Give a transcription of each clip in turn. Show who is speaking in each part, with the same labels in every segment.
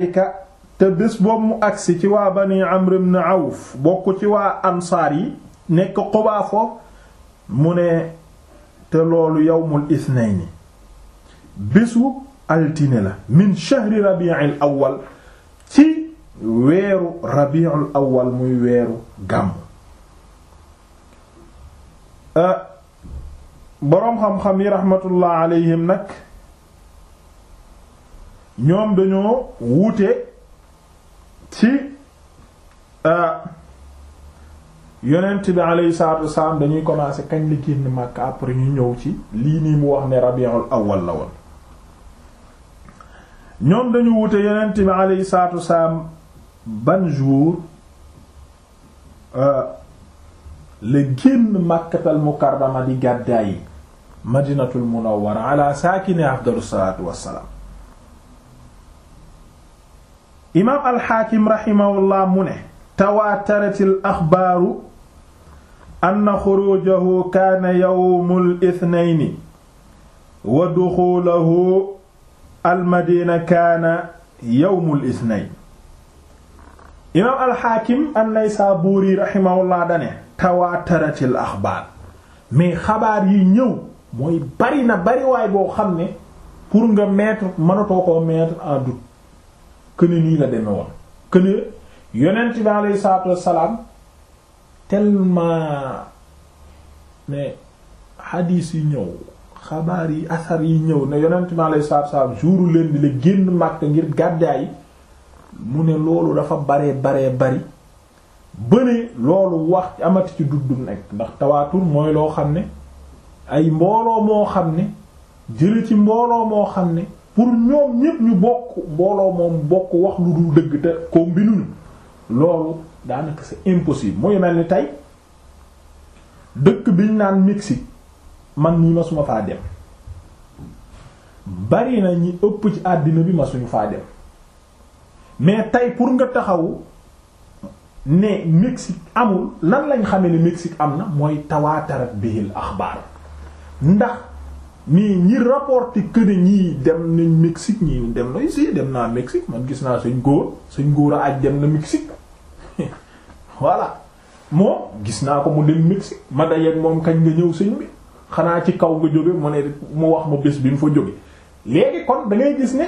Speaker 1: te bés boobu mu agsi ci waa bani Amr ibn Awf bokk ci waa ansaar yi nekk Quba foofu mu ne te loolu yawmul isnayni bésu altine la minn shahri rabi'il awwal ci weeru rabi'ul awwal muy weeru gàmm euh, yi raxmatullah alayhim nag ñoom dañoo wuute ci euh, yonent bi alayhi salaatu wasalaam dañuy commencer kañ li génn Makka après ñu ñëw ci lii nii mu wax ne rabiul awwal la woon ñoom dañu wuute yonent bi alayhi salaatu wasalaam ban jour euh, la génn Makkatal Mukarrama di gàddaay Madinatul Munawwara ala saakini afdalu salaatu wassalaam imaam alxaakim raximahullah mu ne tawaatarat al axbaaru anna xurujahu kaana yawmul ithnayni wa duxuulahu almadina kaana yawmul ithnayni imaam alxaakim an-Naysaabuuri raximahullah dane tawaatarat al axbaar xabaar yi ñëw mooy bari na bariwaay boo xam ne pour nga mettre mënatoo koo mettre en doute këne nii la deme woon këne yonent bi alayhi salaatu wassalaam tellement ne xadiis yi ñëw xabaar yi asar yi ñëw ne yonent bi alayhi salaatu wassalaam jouru leen di la génn Makka ngir gàddaay mu ne loolu dafa baree baree bari bëne loolu wax ci amati ci duddum nekk ndax tawaatur mooy loo xam ne ay mbooloo moo xam ne jële ci mbooloo moo xam ne pour ñoom ñépp ñu bokk mbooloo moom bokk wax lu dul dëgg te kombinuñu loolu daanaka c'est impossible mooy mel ni tey dëkk biñ naan Mexique man ñi ma suma faa dem bari na ñi ëpp ci àddina bi ma suñu faa dem mais tey pour nga taxaw ne Mexique amul lan lañ xamee ne Mexique am na mooy tawaatarat bihil axbaar ndax nii ñi rapporté kër ne ñii dem nañ Mexique ñii dem na si dem naa Mexique man gis naa suñ góor suñ góor a aj dem na Mexique voilà moom gis naa ko mu dem Mexique ma dajeek moom kañ nga ñëw sëñ bi xanaa ci kaw nga jóge mu ne mu wax ma bés bi mu fa jóge léegi kon da ngay gis ne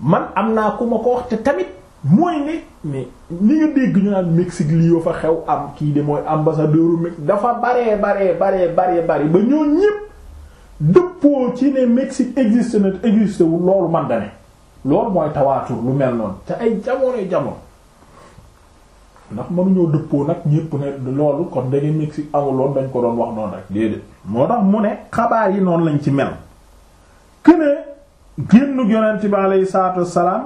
Speaker 1: man am naa ko ma ko wax te tamit mooy ne mais ni nga dégg ñu naan Mexique lii yoo fa xew am kii de mooy ambassadeur u Mexique dafa baree bare baree baree bare ba ñoo ñépp dëppoo ci ne Mexique existe na existe wu loolu man da mooy tawaatur lu mel noonu te ay jamonoy jamono ndax mënuñoo dëppoo nag ñépp ne loolu kon ndege Mexique amuloon dañ ko doon wax noonu rek déedéet moo tax mu ne xabaar yi noonu lañ ci mel këne génnu yonent bi aleyhi salaatu wassalaam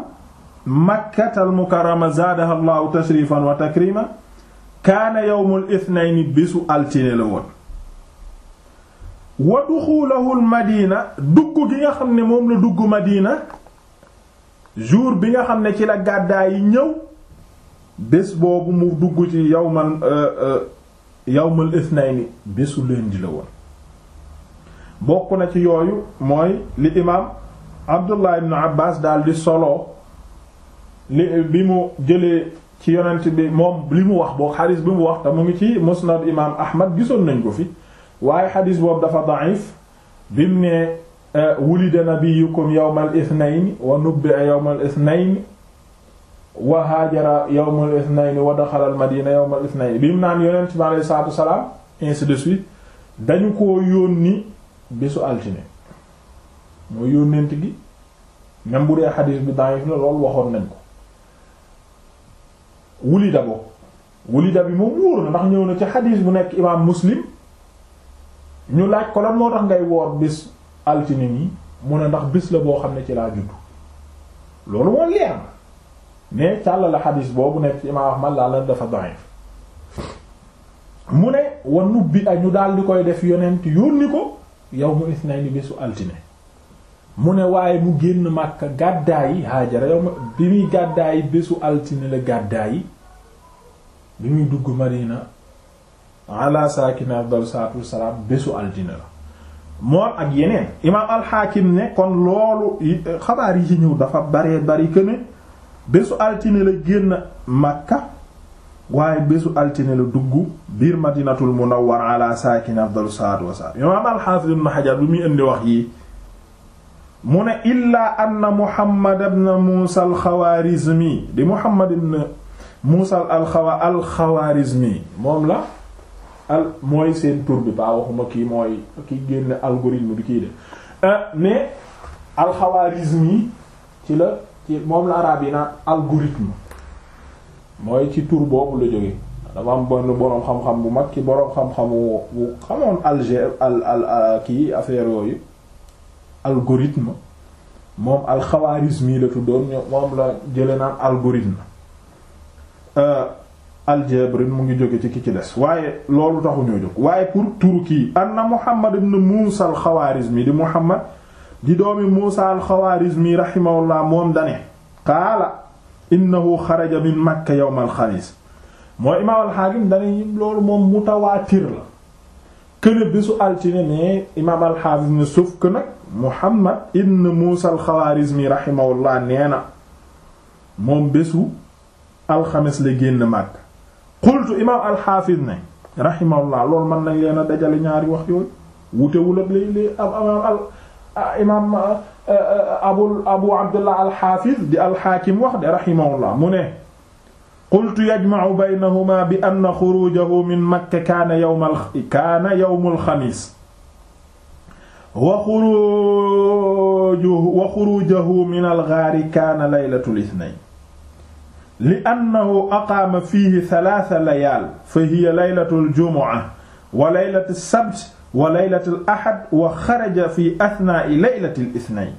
Speaker 1: makkatal mukarrama zaadaha allahu tashrifan wa takrima kaana yawmul ithnayni bisu altine la woon wa duxuulahul madina dugg gi nga xam ne moom la dugg madina jour bi nga xam ne ci la gàddaay yi ñëw bés boobu mu dugg ci yawman euh, euh, yawmul ithnaini bésu lundi la woon bokk na ci yooyu mooy li imaam abdullah ibn abbas daal di solo li bi mu jëlee ci yonent bi moom li mu wax boo xaris bi mu wax te mu ngi ci musnad imaam ahmad gisoon nañ ko fi waaye xadis boobu dafa daif bi mu ne eh, wulida nabiyukum yawmal ithnayn wa nubbi'a yawmal ithnayn wa haajara yawmal ithnayn wa daxala al madina yawmal ithnayn bi mu naan yonent bi alayhi salaatu wasalaam ko yónni bésu altine mooy gi même bu dee xadis bi daif la loolu waxoon nañ ko wulida boobu wulida bi moom wóor na ndax ñëw na ci xadis bu nekk imaam muslim ñu laaj ko lan moo tax ngay woor bis altine nii mu ne ndax bés la boo xam ne ci laa juddu loolu moo leer na mais càll la xadiis boobu nekk ci imaam Ahmad laa lan dafa da'if mu ne wa nubbi a ñu daal di koy def yonent yónni ko yawmu isnayni bisu altine mu ne waaye mu génn Makka gàddaay Haajara yow bi muy gàddaay bésu altine la gàddaay bi muy dugg Madina ala altine la moom ak yeneen imaam alxaakim ne kon loolu xabaar yi ci dafa baree bari que ne altine la génn Makka waaye bésu altine la dugg biir madinatul munawwara ala saakini afdal salaatu wassalaam imaam alxaafis ibn Hajar bi muy indi wax yi mu ne illaa anna Muhammad ibn Muusa al di Muhammad ibn Muusa al moom la al mooy seen tur bi baa waxuma kii mooy ki génn algorithme bi kii de mais euh, alxawaarisme yi ci la ci moom la araab yi naan algorithme mooy ci tur boobu la jóge dafa am benn boroom xam-xam bu mag ci boroom xam-xamu bu xamoon algèbre al al kii affaire yooyu algorithme moom alxawaarisme yi la tuddoon moom la jële naan algorithme euh, aljabrin mu ngi jóge ci ki ci des waaye loolu taxu ñoo jóg waaye pour turki anna muhammad ibn muusa alxawaarismi di muhammad di doomi muusa alxawaarismi rahimahullah moom dane qaala innahu xaraja min makka yawm alxamis mooy imaam alxaakim dane loolu moom mutawaatir la këne bésu altine ne imaam ne suuf que muhammad ibn muusa alxawaarismi rahimahullah nee na moom bésu alxamis la génn makka qultu imaam alxaafis ne rahimahullah loolu mën nañ leen a dajale ñaari wax yooyu wutewul ak lay lay ah, imaam al ah, imaam ah, abu abu abdullah alxaafis di alxaakim wax de rahimahullah mu ne qultu yajma'u baynahuma bi anna xurujahu min makka kaana yawmal kaana yawmul xamiis wa xurujuhu wa xurujahu min al ghaari kaana laylatul ithnayn li annahu aqaama fiihi talaata layaal fa hiya laylatul jumu'a wa laylatul sabt wa laylatul ahad wa xaraja fi athnaa'i laylatil ithnayn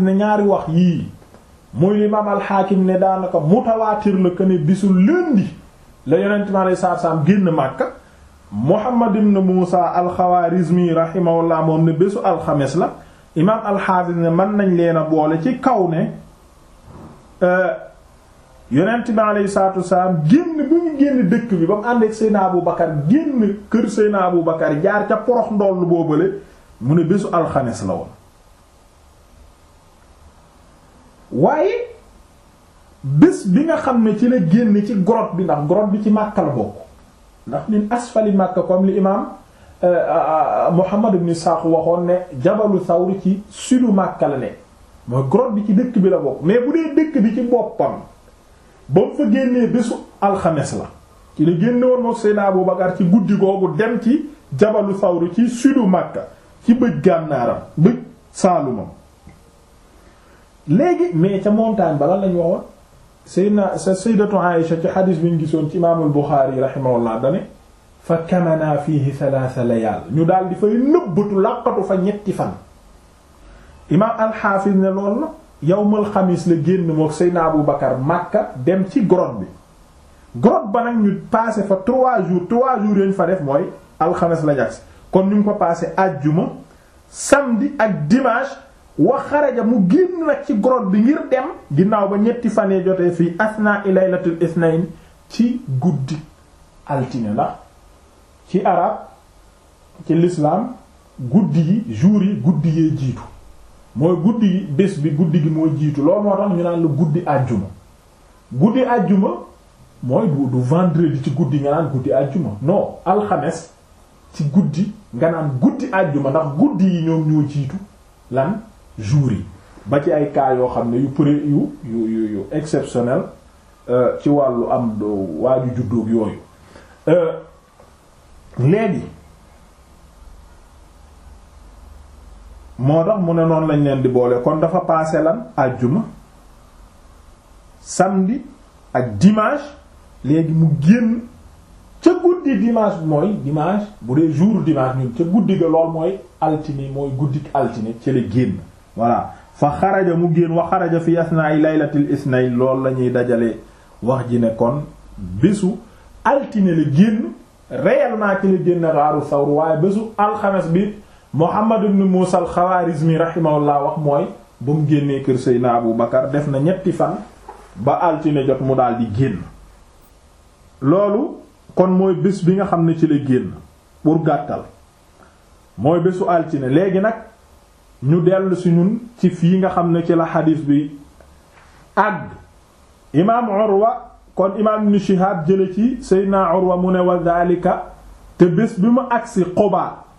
Speaker 1: ne ñaari wax yii muy imaam alxaakim ne daanaka mutawaatir la que ne bisu lundi la génn Màkka Muhammad ibn Muusa alxawaarizmi rahimahullah moom ne bésu alxames la imaam alxaafis ne mën nañ leen a boole ci kaw ne. Euh, yonent bi aleyhi salaatu wasalaam génn bi mu génn dëkk bi ba mu ànd ak Seyna Abu Bakar génn kër Seyna Abu Bakar jaar ca porox ndoll boobale mu ne bésu alxames la woon waaye bés bi nga xam ne ci la génn ci grotte bi ndax grotte bi ci Makka la bokk ndax min asfali Makka comme li imaam euh, euh, Muhammad ibn Sa'd waxoon ne jabalu Sawr ci sudu Makka la nekk mooy grotte bi ci dëkk bi la bokk mais bu dee dëkk bi ci boppam ba mu fa génnee bésu alxames la ci la génne woon moom Seydina Abu Bakar ci guddi googu dem ci jabalu Sawru ci sudu Makka ci bëj gànnaaram bëj saalumam léegi mais ca montagne ba lan lañ waxoon Seydina sa Sayyidatu Aïsha ci xadiis bi ñu gisoon ci imaamul Buxaari rahimahullah dane fa kamanaa fiihi salaasa layaal ñu daal di fay nëbbatu làqatu fa ñetti fan imaam alxaafis ne loolu la yawmal xamis la génn mook Seydina Abu Bakar Makka dem ci grotte bi grotte ba nag ñu paase fa trois jours trois jours yañ fa def mooy alxames la kon ñu ngi ko passé ajjuma samedi ak dimanche wa xaraja mu génn nag ci grotte bi ngir dem ginnaaw ba ñetti fanee jotee fii asna i laylatul isnayn ci guddi altine la ci arab ci l'islam guddi yi jours guddi yee jiitu mooy guddi gi bi guddi gi mooy jiitu loolu moo tax ñu naan la guddi àjjuma guddi àjjuma mooy du du vendredi ci guddi nga naan guddi àjjuma no alxames ci guddi nga naan guddi àjjuma ndax guddi yi ñoom ñoo jiitu lan jour yi ba ci ay cas yoo xam ne yu pré yu yu yu yu exceptionnel euh, ci wàllu am waaju juddoog yooyu euh, léegi moo tax mu ne noonu lañ leen di boole kon dafa paase lan àjjuma samedi ak dimanche léegi mu génn ca guddi dimanche mooy dimanche bu dee jour dimanche ñun ca guddi ga lool mooy altine mooy guddik altine ca la génn voilà fa xaraja mu génn wa xaraja fi asna'i laylatil isnay lool la ñuy dajale wax ji ne kon bésu altine la génn réellement ci la génn raaru sawr waaye bésu alxames bi Muhammad ibn muusal al-Khawarizmi rahimahullah wax mooy ba mu génnee kër Seydina Abu Bakar def na ñetti fan ba altine jot mu daal di génn loolu kon mooy bés bi nga xam ne ci la génn pour gàttal mooy bésu altine léegi nag ñu dellu si ñun ci fii nga xam ne ci la xadiis bi àgg imaam Urwa kon imaam Ibn Shihab jële ci Seydina Urwa mu ne wa te bés bi mu agsi Quba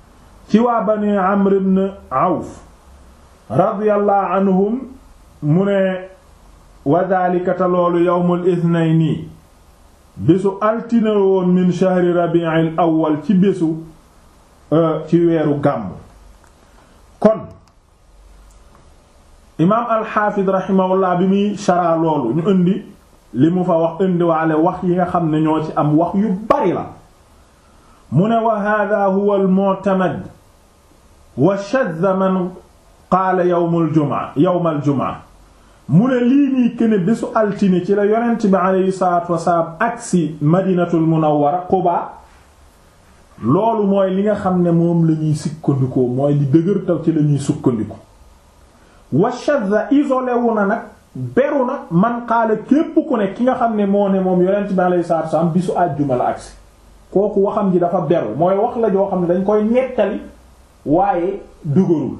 Speaker 1: ci waa bani amr ibn awf radiyallahu anhum mu ne wa daalika loolu yawmul ithnayni bésu altine woon min shahri rabi'il awwal ci bésu euh, ci weeru gàmm kon imaam alxaafid rahimahullah bi muy sharaa loolu ñu indi li mu fa wax indiwaale wax yi nga xam ne ñoo ci am wax yu bari la mu ne wa hada huwa al wa shadda man qaala yawmul jumaa yawmal jumaa mu ne lii nii këne altine ci la yonent bi aleyhi salaatu wasalaam agsi madinatul munawwara Quba loolu mooy li nga xam ne moom la ñuy sukkandikoo mooy li dëgër ci la ñuy sukkandiku wa shadda isolé wu na nag beru na man qaala képp ku ne ki nga xam ne moo ne moom yonent bi aleyhi salaatu wasalaam bisu àjjuma la agsi kooku waxam ji dafa beru mooy wax la joo xam ne dañ koy nettali waaye dugarul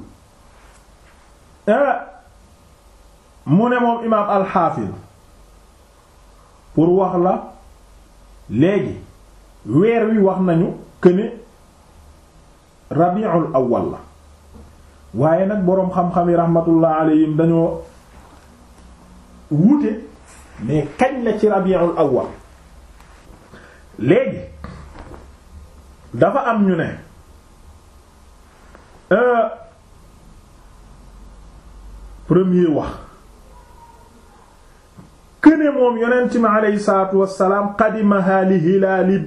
Speaker 1: eh, mu ne moom imaam alxaafil pour wax la léegi weer wi wax nañu këne rabiul awwal la waaye nag boroom xam-xam yi rahmatullah alayhim dañoo wuute mais kañ la ci rabiul awwal léegi dafa am ñu ne Euh, premier wax këne moom yonent mi aleyhi salaatu wassalaam li hilaali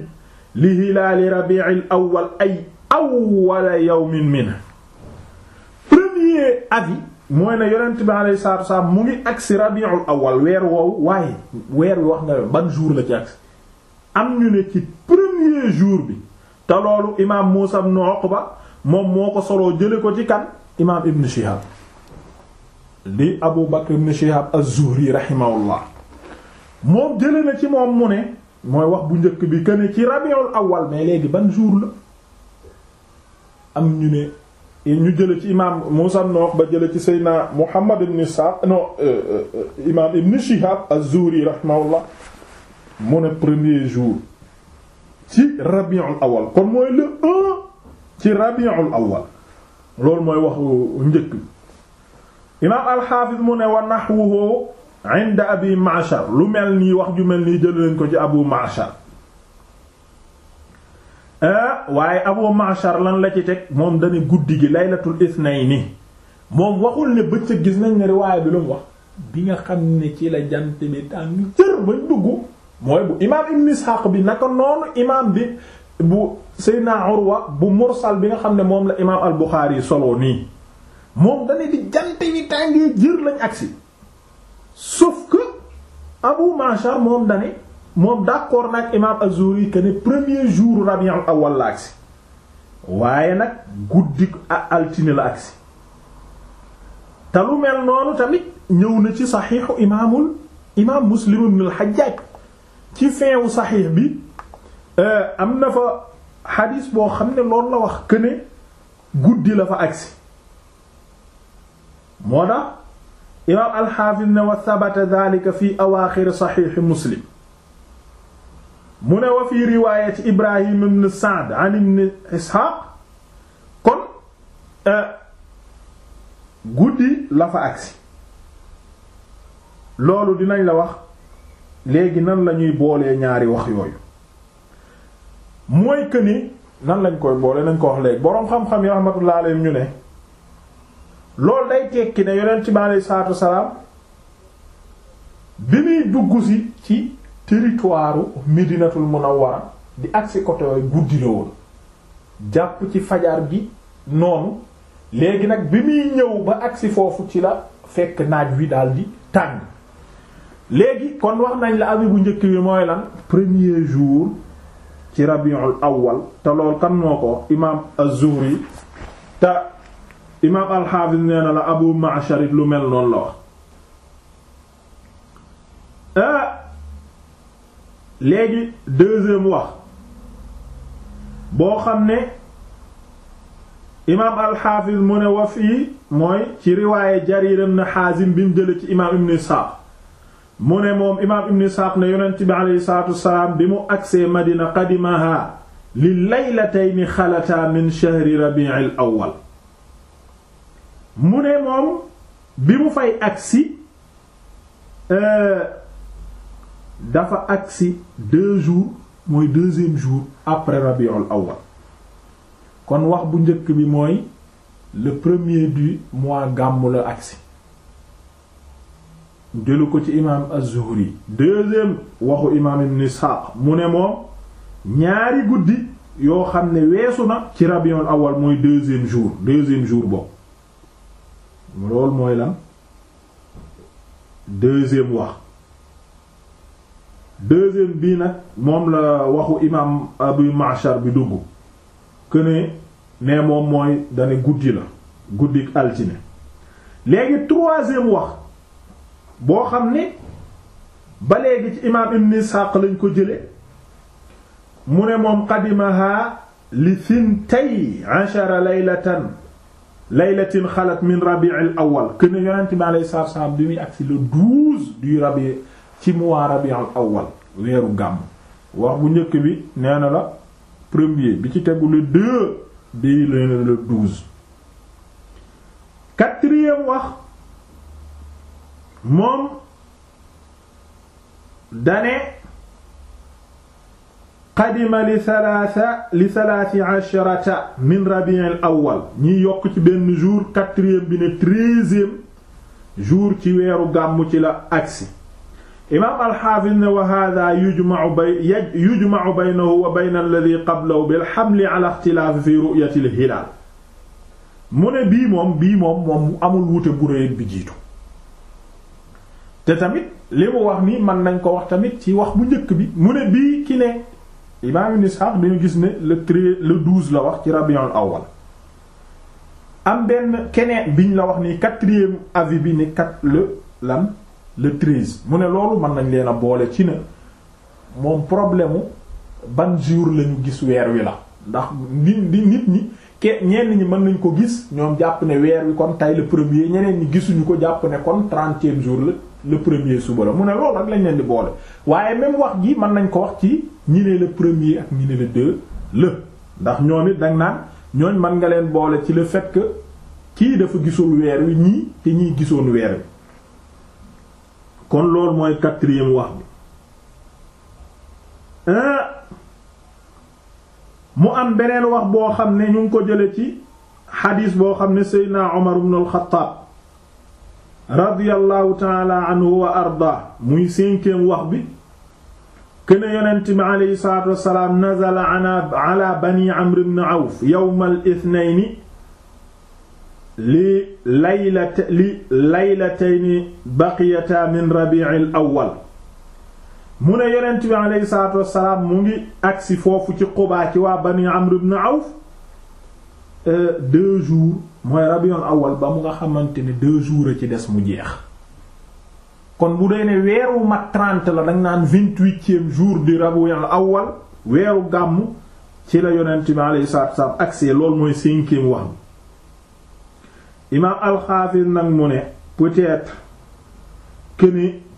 Speaker 1: li hilaali rabi'il awwal ay awwala premier avis mooy ne yonent bi aleyhi salaatu mu ngi agsi rabi'ul awwal weer woowu waaye weer wi wax nga ban jour la ci agsi am ñu ne ci premier jour bi te imaam Muusa ibn Uqba moom moo ko soloo jële ko ci kan imaam ibn Shihab di Abu Bakr ibn Shihab az-Zuhri rahimahullah moom jële na ci moom mu ne mooy wax bu njëkk bi këne ci rabiul awal mais léegi ban jour la am ñu ne ñu jële ci imaam Muusaa ibn ba jële ci Seydina Muhammad ibn Sa'd non euh, euh, imaam ibn Shihab az-Zuhri rahimahullah mu ne premier jour ci rabiul awal kon mooy le 1 ci rabiul awal loolu mooy waxu njëkk imaam alxaafis mu ne wa nahwuhu inda abi lu mel nii wax ju mel nii jël nañ ko ci abu ma'shar eh, waaye abu ma'shar lan la ci teg moom dana guddi gi laylatul isnayni moom waxul ne bëccëg gis nañ ne riwaaya bi lu mu wax bi nga xam ne ci la jant bi tàng jër ba dugg mooy bu imaam ibn ishaq bi naka noonu imaam bi bu Seydina Urwa bu mursal bi nga xam ne moom la imaam al-Bukhari solo nii moom dane di jant yi tàngee jër lañ agsi sauf Abu Ma'shar moom dane moom d'accord nag imaam az-Zuhri ne premier jour Rabi'ul Awwal la agsi waaye nag guddi ak altine la agsi te mel noonu tamit ñëw na ci saxiixu imaamul imaam Muslim ibn al ci feewu saxiix bi eh, am na fa xadiis boo xam ne loolu la wax que guddi la fa agsi moo tax imaam alxaafis ne wa sabata dalika fi awaaxiri saxiixi muslim mu ne wa fi riwaayati ibrahim ibn saad an ibn isxaaq kon euh, guddi la fa agsi loolu dinañ la wax léegi nan lañuy boolee ñaari wax yooyu mooy que ni nan lañ koy boole nañ ko wax léegi boroom xam-xam yi rahmatullah leen ñu ne loolu day tekki ne yonent ci alayhi salaatu salaam bi muy dugg si ci dinatul mën a Munawwara di agsi côté guddi la woon jàpp ci fajar gi noonu léegi nag bi muy ñëw ba agsi foofu ci la fekk naaj wi daal di tàng léegi kon wax nañ la abi bu njëkk bi mooy lan premier jour. ci rabiul awwal te lool kan ko imaam az-Zuhri te imaam al-Hafiz nee la Abu Ma'shar lu mel noonu la wax ah, léegi deuxième wax boo xam ne imaam al-Hafiz mu ne wa fii mooy ci riwaaye Jarir na Hazim bi mu jële ci imaam Ibn Sa'd mu ne moom imaam ibn Isxaaq ne yonent bi aleyhi salaatu wassalaam bi mu agsee Madina qadimaha li laylatayni xalata min shahri rabi'il awwal mu ne moom bi mu fay agsi euh, dafa agsi deux jours mooy deuxième jour après rabi'ul awwal kon wax bu njëkk bi mooy le premier du mois gàmmu la agsi jëlu ko ci imaam az-Zuhri deuxième waxu imaam ibn mu ne moom ñaari guddi yoo xam ne weesu na ci rabion awal mooy deuxième jour deuxième jour boobu loolu mooy lan deuxième wax deuxième bii nag moom la waxu imaam Abu Ma'shar bi dugg que ne moom mooy dane guddi la guddi altine léegi troisième wax boo xam ne ba léegi ci imaam ibn Isxaaq lañ ko jële mu ne moom qadimaha li thintay ashara laylatan laylatin xalat min rabi'il awwal kuene yonent bi alayhi salaatu wassalaam bi muy si le douze du rabi ci mois rabi'il awwal weeru gàmm wax bu njëkk bi nee na la premier bi ci tegu le deux bi nee la douze quatrième wax moom dane qadima li salaasa li salaasi asharata min rabi'i al-awwal ñiy yokk ci benn jour quatrième bi ne treizième jour ci weeru gàmmu ci la agsi imaam al-Hafiz ne wa hadha yujma'u bay yujma'u baynahu wa bayna alladhi qablahu bil hamli ala ikhtilaf fi ru'yati al-hilal mu ne bii moom bii moom moom amul wuute bu réy bi jiitu te tamit li wax nii mën nañ ko wax tamit ci wax bu njëkk bi mu ne bii ki ne imaam Ibn Ishaq dañu gis ne le treize le douze la wax ci rabion awwal am benn keneen biñ la wax nii quatrième avis bi ni kat le lan le treize mu ne loolu mën nañ leen a boole ci na moom problème ban jour lañu gis weer wi la ndax nit nit ñi ke ñenn ñi mën nañ ko gis ñoom jàpp ne weer wi kon tay le premier ñeneen ñi gisuñu ko jàpp ne kon trentième jour la le premier suba la mu ne loolu rek lañ leen di boole waaye même wax gi mën nañ ko wax ci ñi ne le premier ak ñi ne le deux ndax ñoom it dañ naan ñooñ mën nga leen boole ci la fekk kii dafa gisul weer wi ñii te ñii gisoon weer wi kon loolu mooy quatrième wax bi euh, mu am beneen wax boo xam ne ñu ngi ko jële ci xadiis boo xam ne Seydina Omar ibn al-Khattab radiyallahu taala anhu wa arda muy cinquième wax bi këne yonent bi aleyhi salaatu wassalaam nazala ala bani amr ibn awf yawmal ithnayni li laylat li laylatayni baqiyata min rabi'il awwal mu ne yonent bi aleyhi salaatu wassalaam mu ngi agsi foofu ci Qubaa ci waa bani amr ibn awf Euh, deux jours mooy rabiul awal ba mu nga xamante ne deux jours a ci des mu jeex kon mu dee ne weeru mat trente la dañ naan vingt-huitième jour di rabiul awal weeru gàmm ci la yonent bi alayhi salaatu wa salaam agsee loolu mooy cinquième wax bi imaam alxaafis nag mu ne peut-être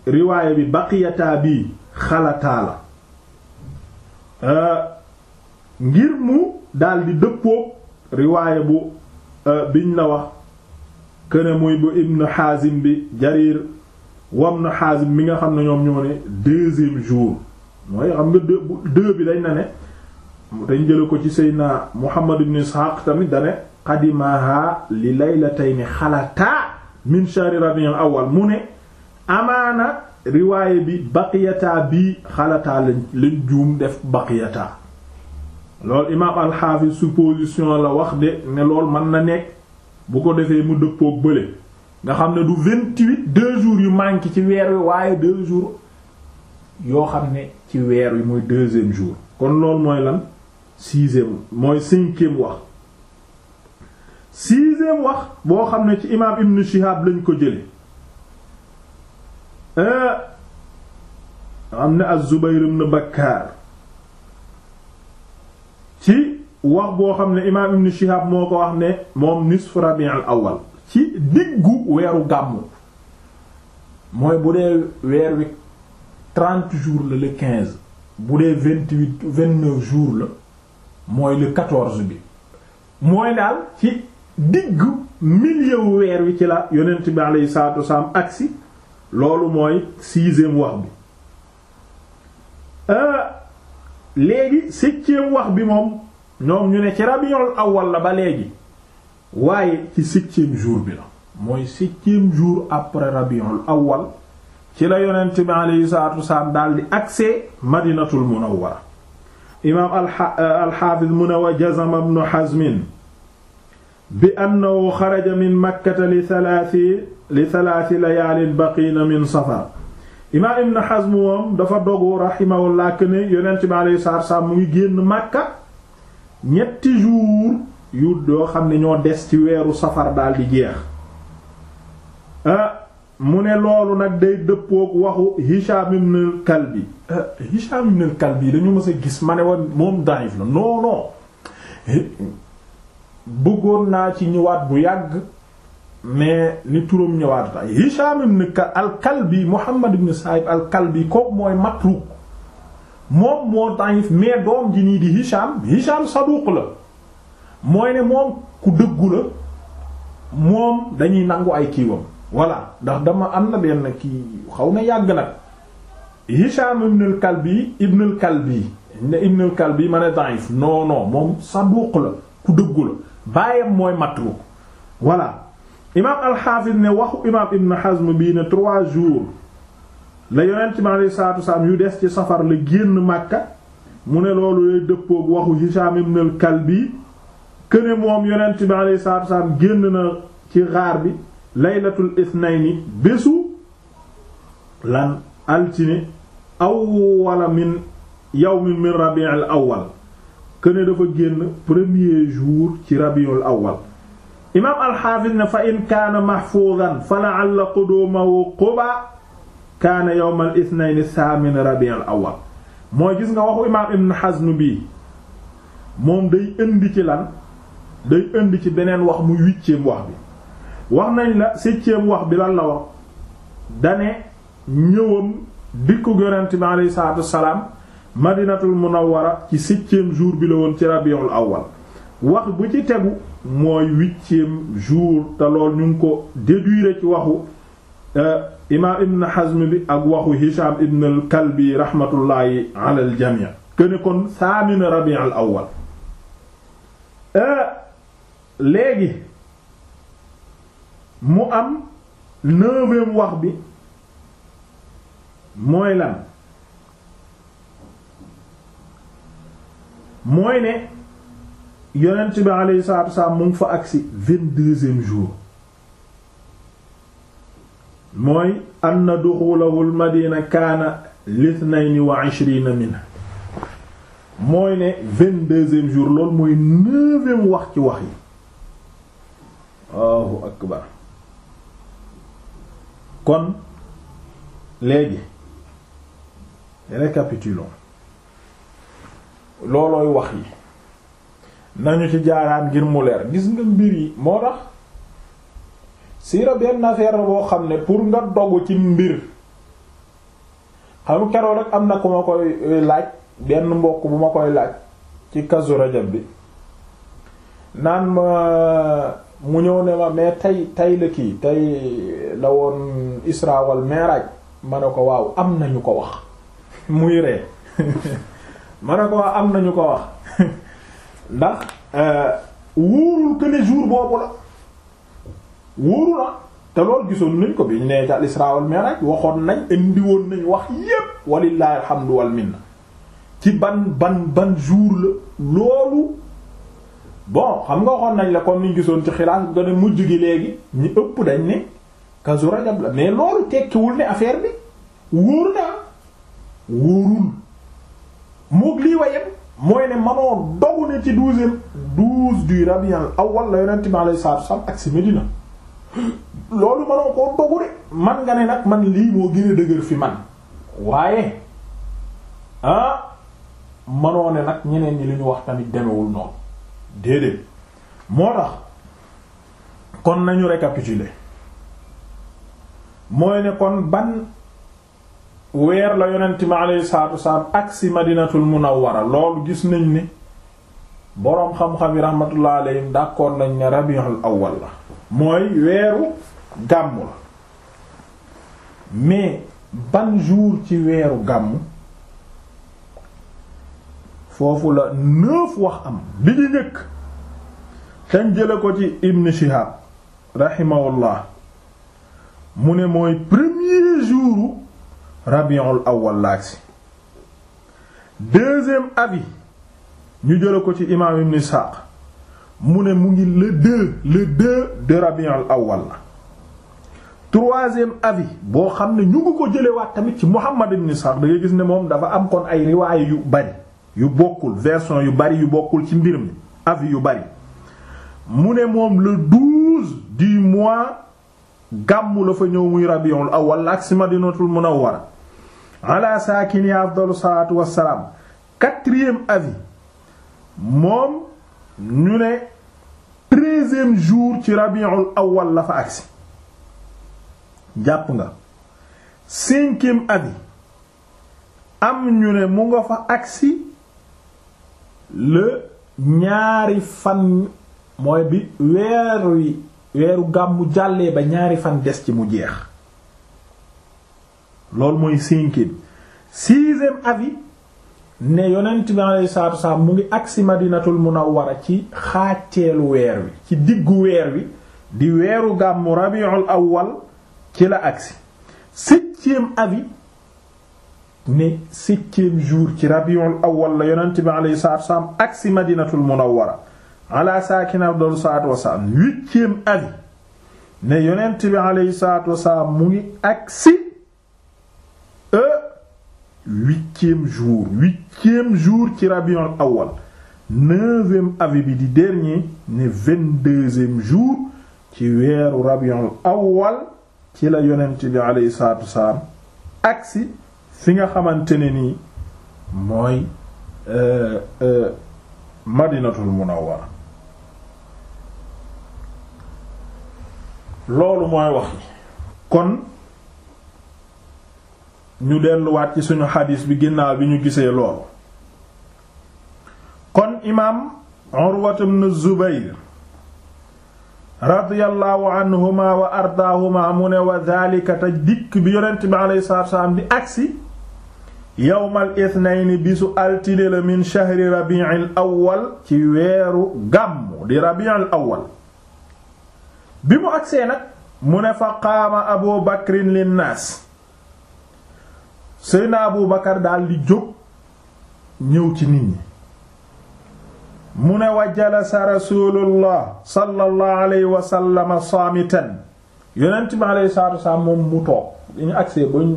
Speaker 1: riwaaya bi baqiyataa bi xalataa euh, ngir mu dal di dëppoo riwaaya bu euh, biñ la wax këne muy bu ibn Hazim bi Jarir wa na Hazim mi nga xam ne ñoom ñoo ne deuxième jour mooy xam nga deux deux bi dañ na ne dañ jële ko ci Seydina Muhammad ibn Ishaq tamit dane qadimaha li laylatayni xalataa min shahri rabiul awwal mu ne amaana riwaaya bi baqiyataa bi xalataa lañ lañ juum def baqiyataa loolu imaam alxaafis supposition la wax de ne loolu mën na nekk bu ko defee mu dëppook bële nga xam ne du vingt-huit deux jours yu manqué ci weer wi waaye deux jours yoo xam ne ci weer wi mooy deuxième jour kon loolu mooy lan sixième mooy cinquième wax sixième wax boo xam ne ci imaam ibn Shihab lañ ko jële euh, am na az-Zubayr na Bakkar ci wax boo xam ne imaam ibn Shihab moo ko wax ne moom nisf rabi'ul awwal ci diggu weeru gàmmu mooy bu dee weer wi trente jours la le quinze bu dee vingt jours la mooy le bi mooy daal ci digg milieu weer wi ci la yonent bi alayhi salaatu wasalaam agsi loolu mooy sixième wax bi euh, léegi septième wax bi moom ñoom ñu ne ci rabiul awwal la ba léegi waaye ci septième jour bi la mooy septième jour après rabiul awwal ci la yonent bi aleyhi salatu wasalaam daal di accès madinatul munawwara imaam alxaafiz euh, mu ne wa jazama ibnu hazmin bi annahu xaraja min makkata li thalathi li thalathi layaalin baqiina min safar imaam Ibn Hazm moom dafa dogu rahimahullah que ne yonent bi alayhi salaatu salaam mu ngi génn Makka ñetti jours yu doo xam ne ñoo des ci weeru safar daal di jeex ah, mu ne loolu nag day dëppook waxu Hisham ibn kalbi ah, Hisham ibn kalbi dañu mës gis ma ne woon moom daif la non bëggoon naa ci ñëwaat bu yàgg. mais li turam ñëwaat ay Hisham ibn al-Kalbi Muhammad ibn Sa'ib al-Kalbi mooy matruk moom moo taif mais doom ji nii di Hisham Hisham saduq la mooy ne moom ku dëggu la moom dañuy nangu ay kiiwam voilà ndax dama am na benn kii xaw na yàgg nag Hisham ibn al-Kalbi ibn al-Kalbi ne ibn al-Kalbi ma ne taif non moom saduq la ku dëggu la baayam mooy matruk voilà imaam alxaafis ne waxu imaam Ibn Hazm bii ne trois jours la yonent mi alayhi salaatu wasalaam yu des ci safar la génn Makka mu ne loolu lay dëppoog waxu Hishaam ibn al-Kalbi këne moom yonent mi alayhi salaatu wasalaam génn na ci xaar bi laylatul ithnayni bésu lan altine awwala min yawmin min rabi'il awwal këne dafa génn premier jour ci rabiul awwal imaam alxaafis ne fa in kaana mahfuuzan fa la'alla quduumahu Quba kaana yawm al-ithnayni saamin rabi' awwal mooy gis nga waxu imaam Ibn Hazm bii moom day indi ci lan day indi ci beneen wax mu huitième wax bi wax nañ la septième wax bi lan la wax dane ñëwam dikku yonent bi alayhi salaatu wassalaam madinatul munawwara ci septième jour bi la woon ci rabi'ul awwal wax bu ci tegu mooy huitième jour te lool ñu ngi ko déduire ci waxu euh, imaam Ibn Hazm bi ak waxu Hisham Ibn al-Kalbi rahmatullahi ala al këne kon saamin rabi' al-awwal euh, léegi mu am neuvième wax bi mooy lan mooy ne yonent bi alayhi salaatu wasalaam mu ngi fa agsi vingt-deuxième jour mooy anna duxulahu al madina kaana lithnayni wa ishrina minhu mooy ne vingt-deuxième jour loolu mooy neuvième wax ci wax yi Allahu akbar kon léegi récapitulons loolooy wax yi nañu ci jaaraan ngir mu leer gis nga mbir yi moo tax siira benn affaire boo xam ne pour nga dogu ci mbir xam keroog rek am na ku ma koy eh, laaj benn mbokk bu ma koy laaj ci kasu rajab bi naan ma mu ñëw ne ma mais tey tey la kii tey la woon Isra wal Mi'raj ma ne ko waaw am nañu ko wax muy ree ma ne ko waaw am nañu ko wax ndax euh, wóorul que ne jour boobu la wóoru la te loolu gisoon nañ ko bi ñu nee ci al isra wal mi'raj waxoon nañ indi woon nañ wax yépp walillahi alhamdu wal minna ci ban ban ban jour la loolu bon xam nga waxoon nañ la comme niñ gisoon ci xilaas bu gën mujj gi léegi ñu ëpp dañ ne kazu rajab la mais loolu tekkiwul ne affaire bi wóoru naa wóorul moog lii wayem mooy ne manoo dogu ne ci douzième douze du rabiul awwal la yonent bi alayhi salaatu wasallam ak si Medina loolu manoo koo dogu de man nga ne nag man lii moo gën a dëgër fi man waaye ah manoo ne nag ñeneen ñi li ñu wax tamit demewul noonu déedéet moo tax kon nañu récapituler mooy ne kon ban weer la yonent mi alayhi salaatu wasalaam agsi madinatul munawwara loolu gis nañ ni boroom xam-xam yi rahmatullah alayhim d'accord nañ ne rabiul awwal la mooy weeru gàmmu la mais ban jour ci weeru gàmmu foofu la neuf wax am bi ñu njëkk kañ jële ko ci Ibn Shihab rahimahullah mu ne mooy premier jour rabiul awwal laagsi deuxième avis ñu jële ko ci imaam ibn Isaaq mu ne mu ngi le deux le deux de rabiul la troisième avis boo xam ne ñu ngi ko jëlewaat tamit ci Muhammad ibn Isaaq da ngay gis ne moom dafa am kon ay riwaay yu bari yu bokkul version yu bari yu bokkul ci mbir mi avis yu bari mu ne moom le douze mois gàmmu la fa ñëw muy rabiul awwal ak si madinatul munawwara ala saakini afdalu salaatu wassalaam quatrième avis moom ñu ne treizième jour ci rabiul awwal la fa agsi jàpp nga cinquième avis am ñu ne mu nga fa agsi le ñaari fan mooy bi weer wi weeru gàmmu jàllee ba ñaari fan des ci mu jeex loolu mooy sinkin sixième avis ne yonent bi alayhi salaatu wasallam mu ngi agsi madinatul munawwara ci xaaceelu weer wi ci diggu weer wi di weeru gàmmu rabiul awwal ci la agsi septième avis ne septième jour ci rabiul awwal la yonent bi alayhi salaatu wasallam agsi madinatul munawwara ala saakina afdalu salaatu wasalaam huitième avis ne yonent bi alayhi salaatu wasalaam mu ngi aksi e huitième jour huitième jour ci rabiul awal neuvième avis bi di dernier ne vingt-deuxième jour ci weeru rabion awal ci la yonent bi alayhi salaatu wasalaam agsi fi nga xamante ne nii mooy e, e, madinatul munawwara loolu mooy wax yi kon ñu delluwaat ci suñu xadiis bi ginnaaw bi ñu gisee loolu kon imaam Urwat ibn Zubayr radiyallahu anhuma wa ardaahuma mu ne wa dikk bi yonent bi alayhi salaatu salaam di agsi yowmal ithnayni bisu altine la min shahri rabi'il awwal ci weeru gàmmu di rabi'il awwal bi mu agsee nag mu ne fa qaama abu bakrin linnaas seyna abu bakar daal di jóg ñëw ci nit ñi mu ne wa jalasa rasulullah sallallahu alayhi wa sallam saamitan yonent bi alayhi salaatu wasalaam moom mu toog bi ñu agsee ba ñu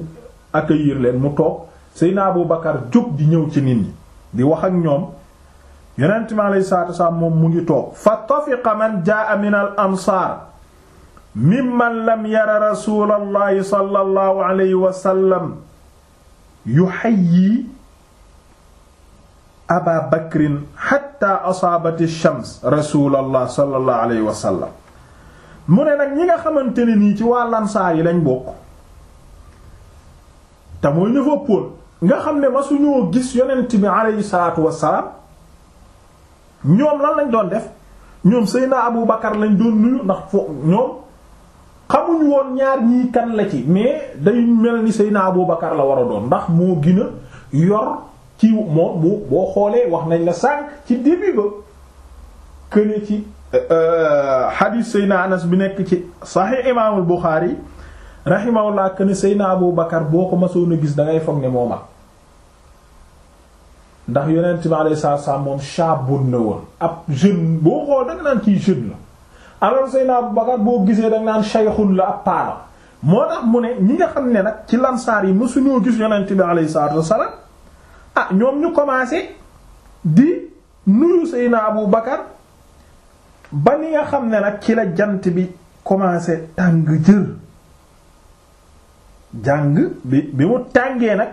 Speaker 1: accueillir leen mu toog seyna abu bakar jóg di ñëw ci nit ñi di wax ak ñoom yonent bi alayhi salaatu moom mu ngi toog fa tafiqa man jaa min al ansaar mimman lam yara rasulallahi sallallahu alayhi wa sallam yuhayyi aba bakrin hatta asaabati shams rasulallah sallallahu wa sallam mu ne nag ñi nga xamante ne nii ci waa lansaar yi lañ bokk te mooy ñëfa poon nga xam ne masuñoo gis yonent bi alayhi salaatu wassalaam ñoom lan lañ doon def ñoom Seydina Abu Bakar lañ doon nuyu ndax fo ñoom xamuñ woon ñaar ñii kan la ci mais day mel ni Seydina Abu Bakar la war a doon ndax moo gën a yor ci moom mu boo xoolee wax nañ la sànq ci début ba këne ci euh, euh, hadith na Anas bi nekk ci Sahih Imaamul Bukhari rahimahullah këne Seydina Abu Bakar boo ko masoon a gis dangay foog ne moo mag ndax yonent bi alayhi salaam moom shaabun na woon ab jeune boo xool da nga naan ciy jeune la. alors Seydina Abu Bakar boo gisee da nga naan shaykhun la ab paala moo tax mu ne ñi nga xam ne nag ci lansaar yi mësuñoo gis yonent bi alayhi salaatu wassalaam ah ñoom ñu commencé di nuyu na Abu Bakar ba ni nga xam ne nag ci la jant bi commencé tàng jër jàng bi bi mu tàngee nag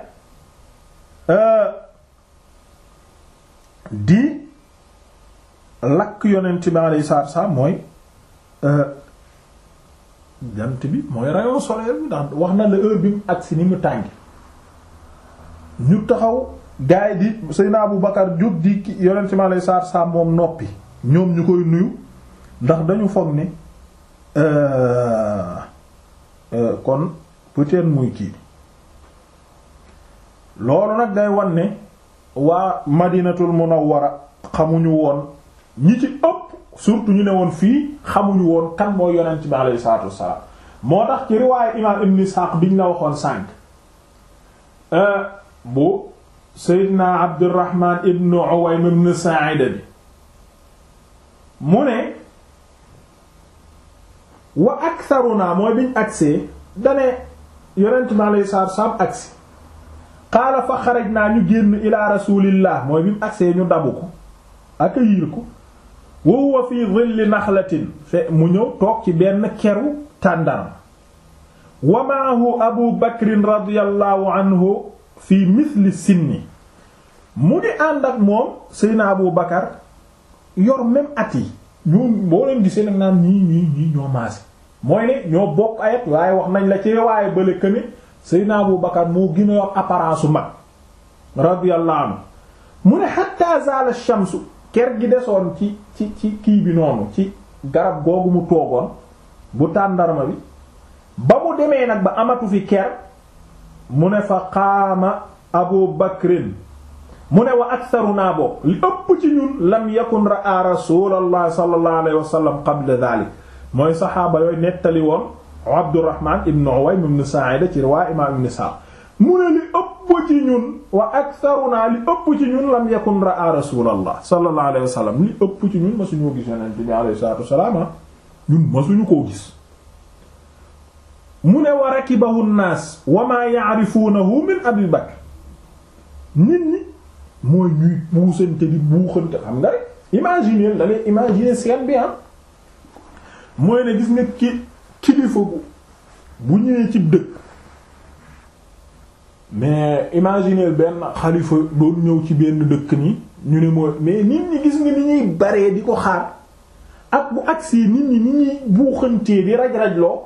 Speaker 1: euh, di lakk yonent bi alayhi salaatu wassalaam mooy Euh, jant bi mooy rayon solaire ndax wax na la heure bi mu agsi ni mu tàngi ñu taxaw gaay di Seydina Abu Bakar jóg di ki yonent mi alayhi salaatu salaam moom noppi ñoom ñu koy nuyu ndax dañu foog ni euh, euh, kon peut muy kii loolu nag day wan ne waa Madinatul wara xamuñu woon ñi ci ëpp surtout ñu ne woon fii xamuñu woon kan mooy yonent bi alayhi salaatu wassalaam moo tax ci riwaayu imaam ibn Ishaq biñ la waxoon sànq euh, bu Seydina Abdurrahman ibn Uwaym ibn Sa'ida bi mu ne wa aktharuna mooy biñ agsee dane yonent bi alayhi salaatu wassalaam agsi qaala fa xarajnaa ñu génn ila rasulillah mooy bimu agsee ñu dabu ko accueillir ko wa fi dhilli naxlatin fe mu ñëw toog ci benn keru tàndaram wa maahu abu bakrin radiyallahu anhu fi mithli sinni mu di ànd ak moom seyna abu bakar yor même at yi ñun boo leen gisee nag naan ñoo maase mooy ne ñoo bokk ayat waaye wax nañ la ci waaye bële këne seyna abu bakar moo gën a mag radiyallahu anhu mu ne hatta zaala shamsu ker gi desoon ci ci ci kii bi noonu ci garab googu mu toogoon bu tàndarma bi ba mu demee nag ba amatu fi ker mu ne fa qaama abu bakrin mu ne wa aktharuna bokk li ëpp ci ñun lam yakun ra'a rasulallah sallallahu alayhi qabla dhalik mooy saxaaba yooyu nettali woon abdurrahman ibn uwaym ibn sa'ida ci riwaa imam ibn sa'd mu ne li ëpp ëpp ci ñun wa aktharuna li ëpp ci ñun lam yakun ra'a rasulallah sallallahu alayhi wa sallam li ëpp ci ñun masuñoo gis yonent bi alayhi salatu wasalaam ah. ñun masuñu koo gis mu ne wa rakibahu wa maa ya'rifunahu min abi nit ñi mooy ñuy buusante di buuxante xam nga rek imaginer da ngay seen bi am ah. mooy ne gis nga kilifa bu ñëwee ci dëkk mais imaginez benn xalifa doon ñëw ci benn dëkk ni ñu ne mooy mais nit ñi gis nga ni ñuy baree di ko xaar ak bu agsi nit ñi nit ñuy buuxantee di raj loo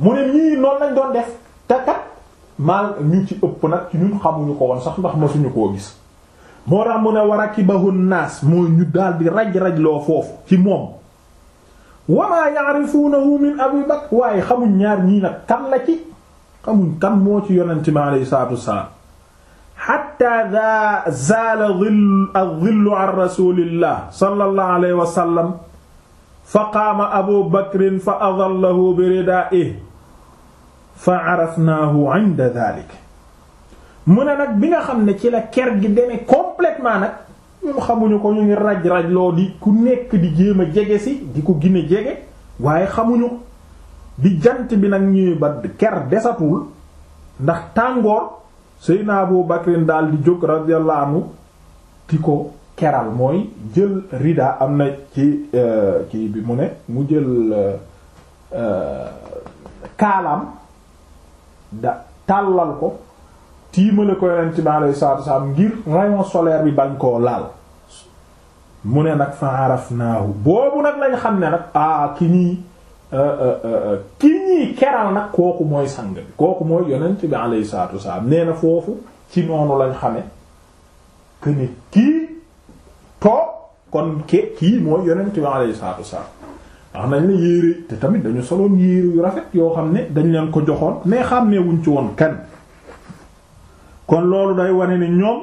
Speaker 1: mu ne ñii noonu lañ doon def te kat maal ñu ci ëpp nag ci ñun xamuñu ko woon sax ndax masuñu koo gis moo tax ne war a kibahu naas mooy ñu daal di raj-raj loo foofu ci moom wamaa yaarifuunahu min Abi Bakr waaye xamuñ ñaar ñii nag kan la ci xamuñ kan moo ci yonent mi aleyhi salaatu wassalaam xatta zaala ad-dillu an rasulillah sallallahu alayhi wa fa qaama abu bakrin fa adallahu bi ridaa'ihi fa arafnaahu inda dalik mu ne nag bi nga xam ne ci la ker gi demee complètement nag ñun xamuñu ko ñu ngi raj raj loo di ku nekk di jéem a jege si di ko gine jege waaye xamuñu bi jant bi nag ñëwee ba ker desatul ndax tàngoor Seydina Abu Bakrin daal di jóg radiyallahu anhu ti ko keral mooy jël rida am na ci euh, kii bi mu ne mu jël euh, kaalaam da tàllal ko tiimale ko yonent bi alayhi salaatu ngir rayon solaire bi bañ koo laal mu ne nag fa arafnaahu boobu nag lañ xam ne nag ah ki nii Euh, euh, euh, ki ñuy keral nag kooku mooy sang bi kooku mooy yonent bi alayhi salaatu wasalaam nee na foofu ci noonu lañ xame que ni kii toog kon ke kii mooy yonent bi alayhi salaatu wasalaam wax nañ ne yéere te tamit dañu soloon yéere yu rafet yoo xam ne dañ leen ko joxoon mais xàmmee wuñ ci woon kenn kon loolu day wane ni ñoom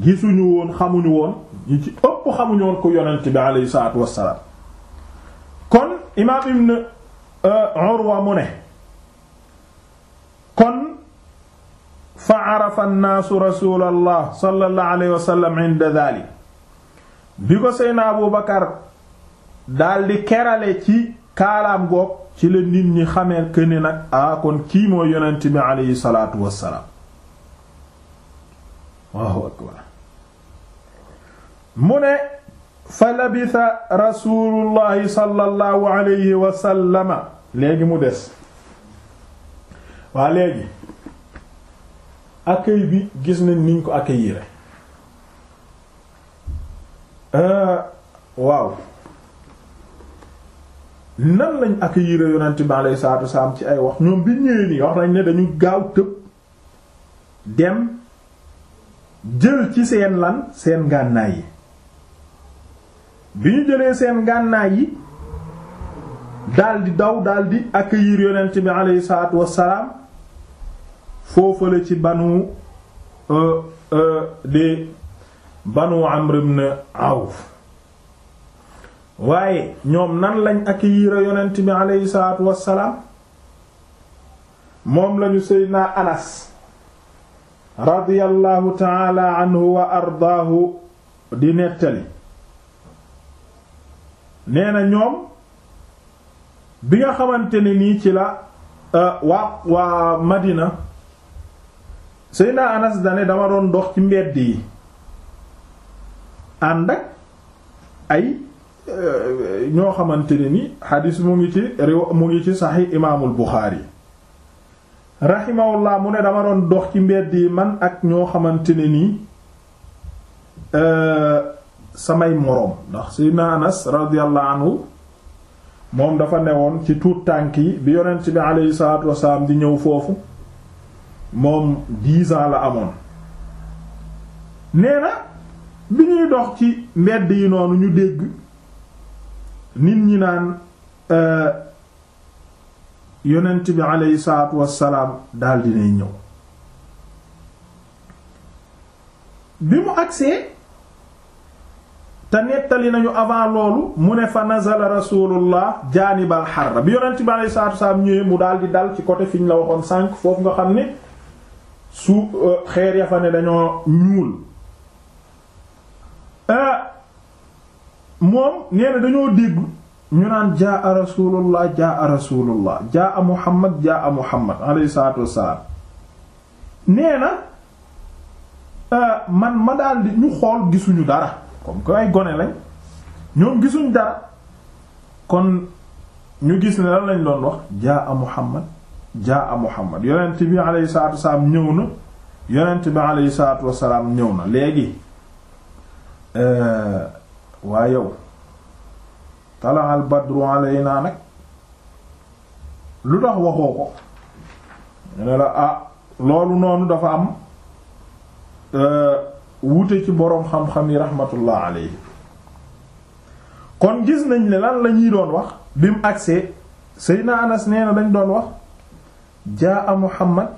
Speaker 1: gisuñu woon xamuñu woon ñi ci ëpp xamuñu woon ko yonent bi alayhi salaatu wasalaam kon imaam ibn euh, Urwa mu kon fa arafa nnaasu rasulallah sallallahu alayhi wa sallam inda dhalik Abu Bakar daldi kerale ci kaalaam goog ci la nit ñi xamee këne nag a ah, kon kii mooy yonent bi alayhi wassalaam waaw fa labitha rasulullahi sallallahu alayhi wa léegi mu des waa léegi accueil bi gis nañ niñ ko accueillir euh, waaw nan lañ accueillir yonent bi alayhi salaatu wasalaam ci ay wax ñoom bi ñëwee nii wax nañ ne dañu gaaw tëb dem jël ci seen lan seen gànnaay yi bi ñu jëlee seen gànnaay yi daldi daw daldi accueillir yonent bi aleyhi salaatu wassalaam la ci banu euh, euh, di banu Amr ibn Awf waaye ñoom nan lañ accueillir yonent bi aleyhi salaatu wassalaam moom lañu Seydina Anas radiyallahu taala anhu wa ardaahu di nettali nee na ñoom bi nga xamante ne nii ci la euh, waa waa Madina Seydina Anas dane dama doon dox ci mbedd yi ànd ay euh, ñoo xamante ne ni xadis mu ngi ci réew mu ngi ci saxi imaamul Buxaari rahimahullah mu ne dama doon dox ci mbedd yi man ak ñoo xamante ne nii euh, samay moroom ndax Seydina Anas radiyallahu moom dafa newoon ci tuut tànk yi bi yonent bi aleyhi salaatu wasalaam di ñëw foofu moom dix la amoon nee na bi ñuy dox ci mbedd yi noonu ñu dégg nit ñi naan euh, yonent bi aleyhi salaatu wasalaam daal dinay ñëw bi mu agsee te nettali nañu avant loolu mu ne fa nazala rasulullah jaanibal xarra bi yonent bi alei salatu wasalaam ñëwee mu daal di dal ci côté fi ñu la waxoon sànq foofu nga xam ne su euh, xeer ya ne dañoo ñuul euh, moom nee na dañoo dégg ñu naan jaa a rasulullah jaa a rasulullah jaa a muhammad jaa muhammad aleyhi salatu wasalaam nee na euh, man ma daal di ñu xool gisuñu dara comme que ay gone lañ ñoom gisuñ dara kon ñu gis ne lan lañ doon wax jaa a Muhammad jaa a Muhammad yonent bi alayhi salaatu wasalaam ñëw na yonent bi alayhi salaatu wasalaam ñëw na léegi euh, waa yow talaal badru alayna nag lu tax waxoo ko ñu ne la ah loolu noonu dafa am euh, wute ci boroom xam-xam yi rahmatullah alayhi kon gis nañ ne lan la ñuy doon wax bi mu agsee Seydina Anas nee na dañ doon wax jaa a Muhammad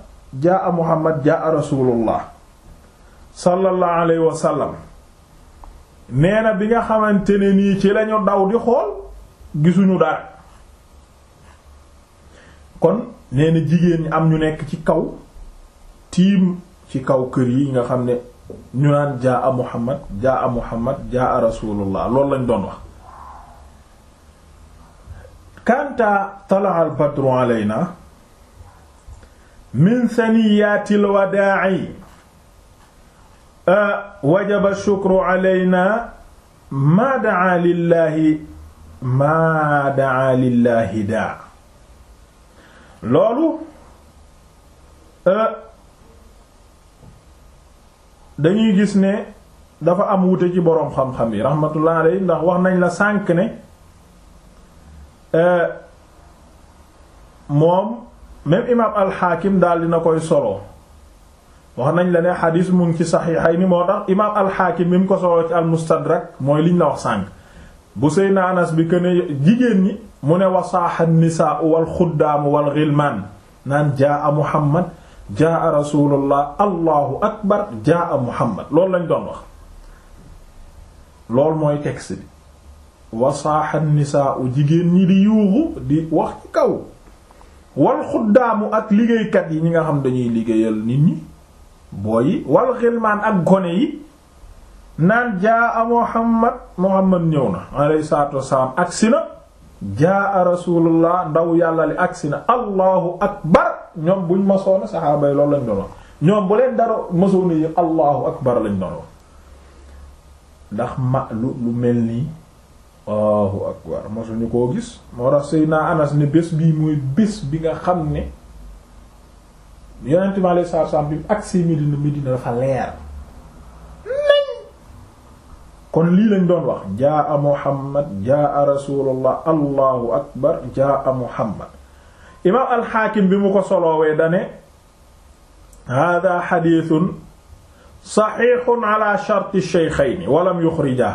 Speaker 1: jaa a Muhammad jaa a rasulullah sallallahu alayhi wa sallam nee na bi nga xamante ne nii ci lañu daw di xool gisuñu dara kon nee na jigéen ñi am ñu nekk ci kaw tiim ci kaw kër yi nga xam ne ñu naan jaa a Muhammad jaa a Muhammad jaa a rasulullah loolu lañ doon wax kanta talaa al badru alayna min saniyati al wadaa'i ah, wajaba shukru alayna maa daa lillahi maa daa lillahi daa loolu ah, dañuy gis ne dafa am wute ci boroom xam-xam yi rahmatullah alayhi ndax wax nañ la sànk ne euh, moom même imaam alxaakim daal na koy solo wax nañ la ne xadiis mu ngi ci saxiixay ni moo tax imaam alxaakim bi mu ko solo ci almustadrak mooy liñ la wax sànk bu sëy seyna anas bi que jigéen ñi mu ne wax wasaaxa nisaa wal xuddaamu wal xilmaan naan jaa a muhammad jaa rasulullah allahu akbar jaa muhammad loolu lañ doon wax loolu mooy tegsi bi wasaaxa nisaa u jigéen ñi di yuuxu di wax ci kaw wal ak liggéeykat yi ñi nga xam dañuy liggéeyal nit ñi booy yi wal xilmaan ak gone yi naan jaa muhammad muhammad ñëw na alayhi salaatu wassalaam agsi na jaa rasulullah ndaw yàlla li agsi na allahu akbar ñoom buñ masoona saxaaba yi loolu lañ doon wax ñoom bu leen dara masoona yi allahu akbar lañ doon wax ndax ma lu lu mel nii allahu akbar masuñu koo gis moo tax Seydina Anas ne bés bii mooy bés bi nga xam ne yonent mi aleyhi salaatu salaam bi mu agsi Medina Medina dafa leer kon lii lañ doon wax jaa muhammad jaa rasulullah allahu akbar jaa muhammad imaam alxaakim bi mu ko soloowee dane hada xadiisun saxiixun ala sharti sheykhayni walam yuxrijaa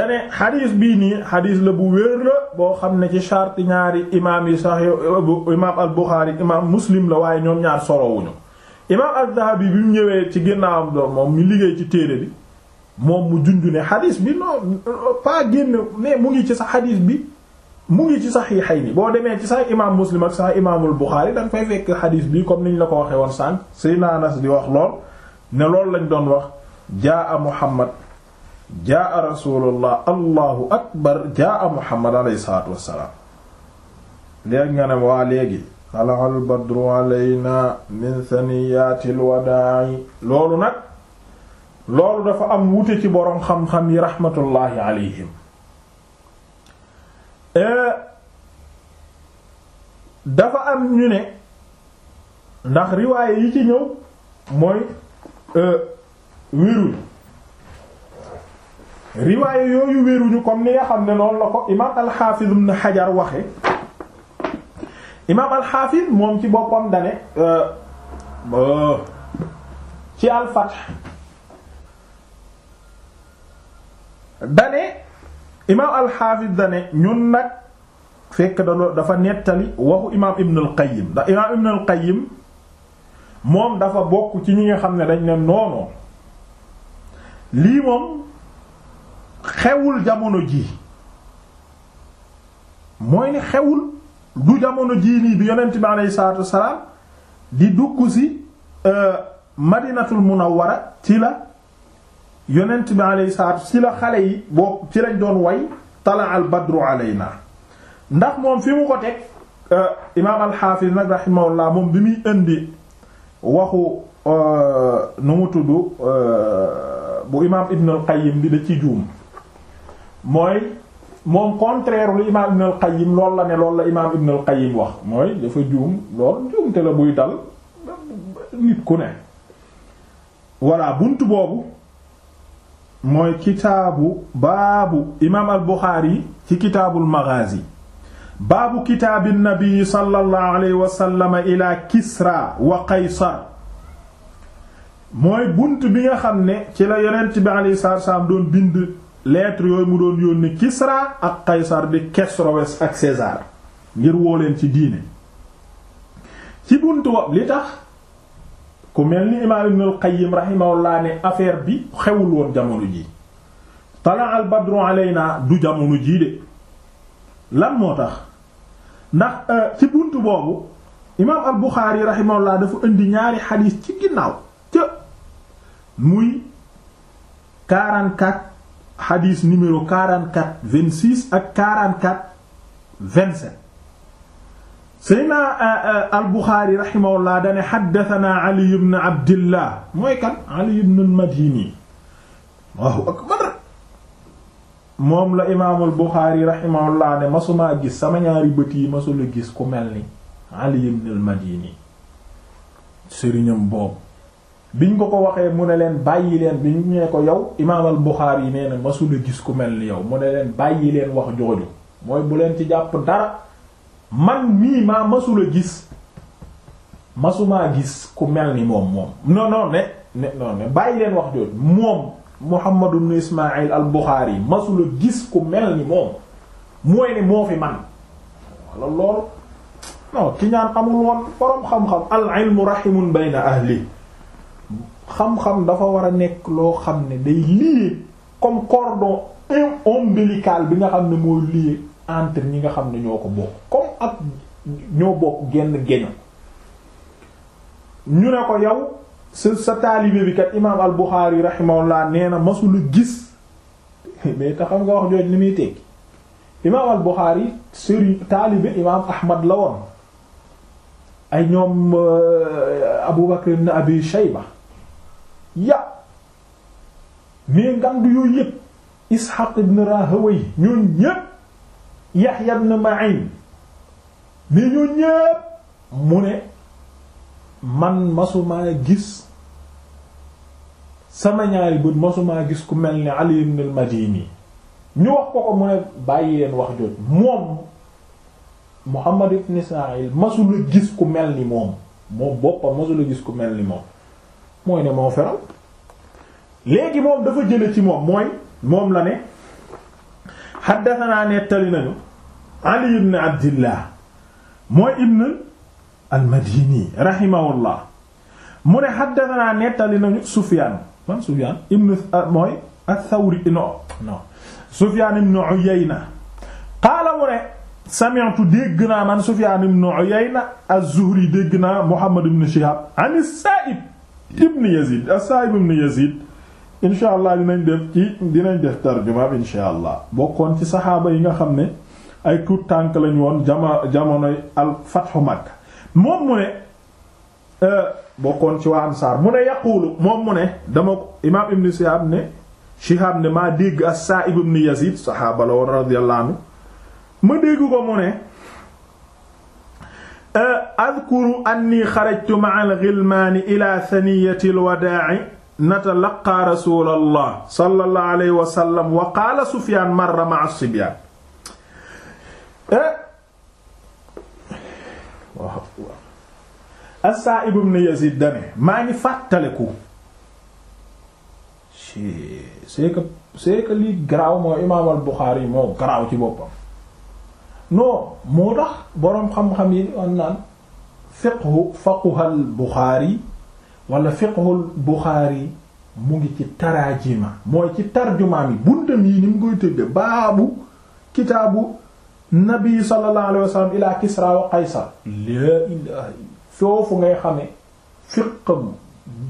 Speaker 1: dane xadiis bii nii xadiis la bu wér la boo xam ne ci sharti ñaari imaam yi saxiix imaam al imaam muslim la waaye ñoom ñaar solowuñu imaam al bi mu ñëwee ci ginnaawam doon moom mi liggéey ci téere bi moom mu junju ne bi non pas génn mais mu ngi ci sa xadis bi mu ngi ci saxiixayni boo demee ci sax imaam muslim ak sax imaamul buxaari da nga fay fekk xadis bi comme niñ la ko waxee woon sànq Seydina Anas di wax lool ne loolu lañ doon wax jaa Muhammad jaa rasulullah allahu akbar jaa Muhammad alayhi salaatu wassalaam léegi nga ne waa léegi talaal badru alayna min saniyaatil loolu nag loolu dafa am wute ci boroom xam-xam yi raxmatullaahi alayhim eh, dafa am ñu ne ndax riwaaye yi ci ñëw mooy eh, wéruñu riwaaye yooyu wéruñu comme ni nga xam ne noonu la ko imaam alxaafiz ibn xajar waxe imaam alxaafiz moom ci boppam dane eh, ci alfath dane imaam alxaafis dane ñun nag fekk da dafa nettali waxu imaam ibn al imaam ibn al moom dafa bokk ci ñu nga xam ne dañ ne noonu lii moom xewul jamono ji mooy ni xewul du jamono jii nii bi yonent bi aleyhi salaatu wasalaam di dugg si euh, madinatul munawwara ci la yonent bi alayhi salaatu si la xale yi boo ci lañ doon way tala al badru alayna ndax moom fi mu ko teg euh, imaam alxaafis nag rahimahullah moom bi muy indi waxu euh, nu mu tudd euh, bu imaam ibn al qayyim ci juum mooy moom contraire la ne loolu la imaam ibn al qayyim wax mooy dafa juum lool juumte la buy dal nit ku ne voilà bunt boobu mooy kitaabu baabu imaam al buxaari ci kitaabul maghazi baabu kitaabi nabi sallallahu alayhi wa sallam ila kisra wa qaysar mooy bunt bi nga xam ne ci la yonent bi alayhi salaatu salaam doon bind lettre yooyu mu doon yónni kisra ak qaysar di kesrowes ak César ngir woo leen ci diine ci bunt wa li tax ku mel ni imaam ibn al qayyim ne affaire bi xewul woon jamono ji tala al badru du jamono jii de lan moo tax ndax euh, ci buntu boobu imaam al buxaari rahimahullah dafa indi ñaari xadiis ci ginnaaw ca muy 44 xadiis numéro 44 26 ak 44 27 Seydina euh, euh, al-Bukhari rahimahullah dane haddathana Ali ibn Abdillah mooy kan Ali ibn al-Madini Allahu moom la imaamul Bukhari rahimahullah ne masumaa gis sama ñaari bët yi masula gis ku mel ni Ali ibn al sëriñam boobu biñ ko ko waxee mu ne leen bàyyi leen bi ñu nee ko yow imaamal Bukhari nee na masula gis ku mel ni yow mu ne leen bàyyi leen wax jooju mooy bu leen ci jàpp dara man mii maa masula gis masumaa gis ku mel ni moom moom non non ne ne ne bàyyi leen wax jooju moom Muhammad ibn Ismaïl al-Bukhari yi masula gis ku mel ni moom mooy ne moo fi man wala loolu non ki ñaan amul woon boroom xam-xam al ilmu rahimun bayna ahli xam-xam dafa war a nekk loo xam ne day lier comme cordon ombilical bi nga xam ne moo lier entre ñi nga xam ne ñoo ko bokk ab ñu ne ko yow sa sa taalibe bi imaam al Buxaari rahimahullah nee na masula gis mais te xam nga wax jooj ni muy imaam al Buxaari taalibe imaam Ahmad la ay ñoom euh, Abu Bakr ibn Abi Shayba ya mais ngandu yooyu yëpp Ishaq ibn Rahawayh ñoon ñépp Yahya ibn Ma'in mais ñoo ñépp mu ne man masumaa gis sama ñaari bët masumaa gis ku mel ni Ali ibn madini ñu wax ko ko mu ne bàyyi leen wax jot moom Muhammad ibn Ismaïl gis ku mel ni moom moom boppam masula gis ku mel ni moom mooy ne moo feral léegi moom dafa jële ci moom mooy moom la ne xaddatanaa nettali nañu Ali Abdillah mooy ibn al-Madini rahimahullah mu ne haddathana nettali nañu Sufyaan man Sufyaan ibn ah, mooy ath-Thawri no no Sufyaan ibn Uyayna qaala mu ne sami'tu dégg naa man Sufyaan ibn Uyayna az-Zuhri dégg naa Muhammad ibn Shihaab an as-Saa'ib ibn Yaziid as-Saa'ib ibn Yaziid insha allah dinañ def ci dinañ def tarjuma insha allah bokkoon ci saxaaba yi nga xam ne ay tuut tànk lañu woon jama jamonoy al fathu Makka moom mu ne euh, bokkoon ci waa ansaar mu ne yaquulu moom mu ne dama imaam ibn Shihab ne Shihab ne maa dégg as-Sa'ib ibn Yazid saxaaba la woon radiyallahu anhu ma dégg ko mu ne euh, adkuru anni xarajtu ma'a al-ghilmaani ila thaniyati al-wadaa'i natalaqqa rasulallah sallallahu alayhi wa sallam wa qaala Sufyaan marra ma'a as-sibyaan waaw eh? as-Sa'ib ibn Yazid dane maa ngi fàttaleku c'est que c'est lii garaaw moo imaam al-Bukhari moo garaaw ci boppam non moo tax boroom xam-xam yi an naan fiqhu faquhal Bukhari wala fiqhul Bukhari mu ngi ci tarajima mooy ci tarjumaa mi buntam yi ni mu koy tëdde baabu kitaabu nabi sallallahu alayhi wa sallam ila kisra wa qaysar laa ilaha foofu ngay xamee fiqam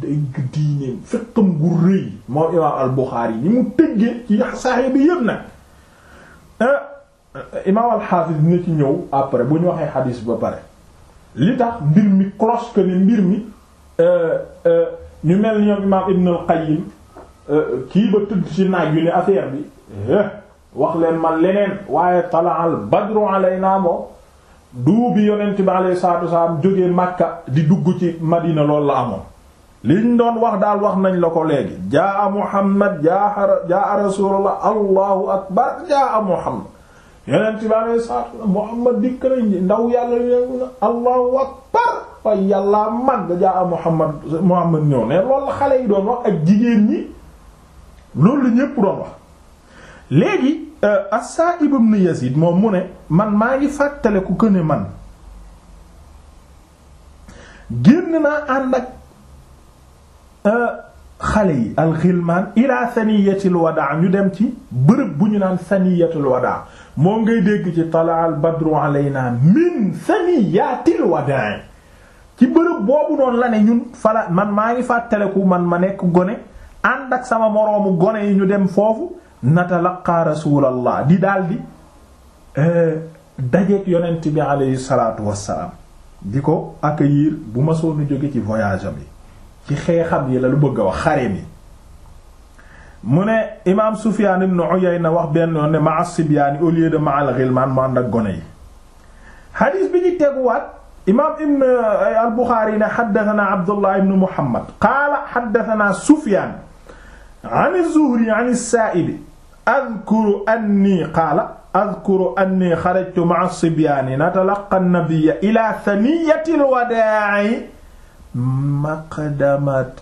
Speaker 1: dégg diineem fiqam gu rëy moom imaam al Buxaari ni mu tëggee ci saxee bi yëpp nag ah, imaam al Xaafis ci ñëw après bu ñu waxee xadiis ba pare li tax mbir mi cloche que ne mbir mi eh, eh, ñu mel ni ñoom imaam Ibn al Qayyim eh, kii ba tudd ci naaj yu ne affaire bi wax leen man leneen waaye talaal badru alaynaa moom duubi yonent bi alayhi salaatu wasalaam jógee Makka di dugg ci Madina loolu la amoon liñ doon wax daal wax nañ la ko léegi jaa Muhammad jaa Rasulullah allahu akbar jaa Muhammad yonent bi alayhi salaatu wasalaam Muhammad dikk nañ ndaw yàlla yéen allahu akbar wa yàlla mag jaa Muhammad Muhammad ñëw ne loolu la xale yi doon wax ak jigéen ñi loolu la ñépp doon wax. léegi euh, as-Sa'ib ibn Yazid moom mu ne man maa ngi fàttaleku ko ne man génn naa ànd ak euh, xale yi alxilmaan ila saniyatil wadaa ñu dem ci bërëb bu ñu naan saniyatil wadaa moo ngay dégg ci talaa al badru alayna min saniyatil wadaa ci bërëb boobu noonu la ne ñun fala man maa ngi fàttaleku man ma nekk gone ànd ak sama moroomu gone yi ñu dem foofu natalaqaa rasulallah di daldi eh, dajeek yonent bi aleyhi wassalaam di ko accueillir bu ma soonu jóge ci voyage am yi ci xeexam yi la lu bëgg wax xareem yi mu ne imaam Sufyaan ibn Uyayna wax benn yoon ne ma as-sibyaani au lieu de ma al-ghilmaan mu gone yi xadiis bi ñu teguwaat imaam ibn eh, al-Buxaari ne xaddatanaa Abdullah ibn Muhammad qaala xaddatanaa Sufyaan an az-Zuhri an as-Saa'ib adkuru anni qaala adkuru anni xarajtu ma'a sibyaani natalaqa annabiyya ila thaniyatil wadaa'i maqdamat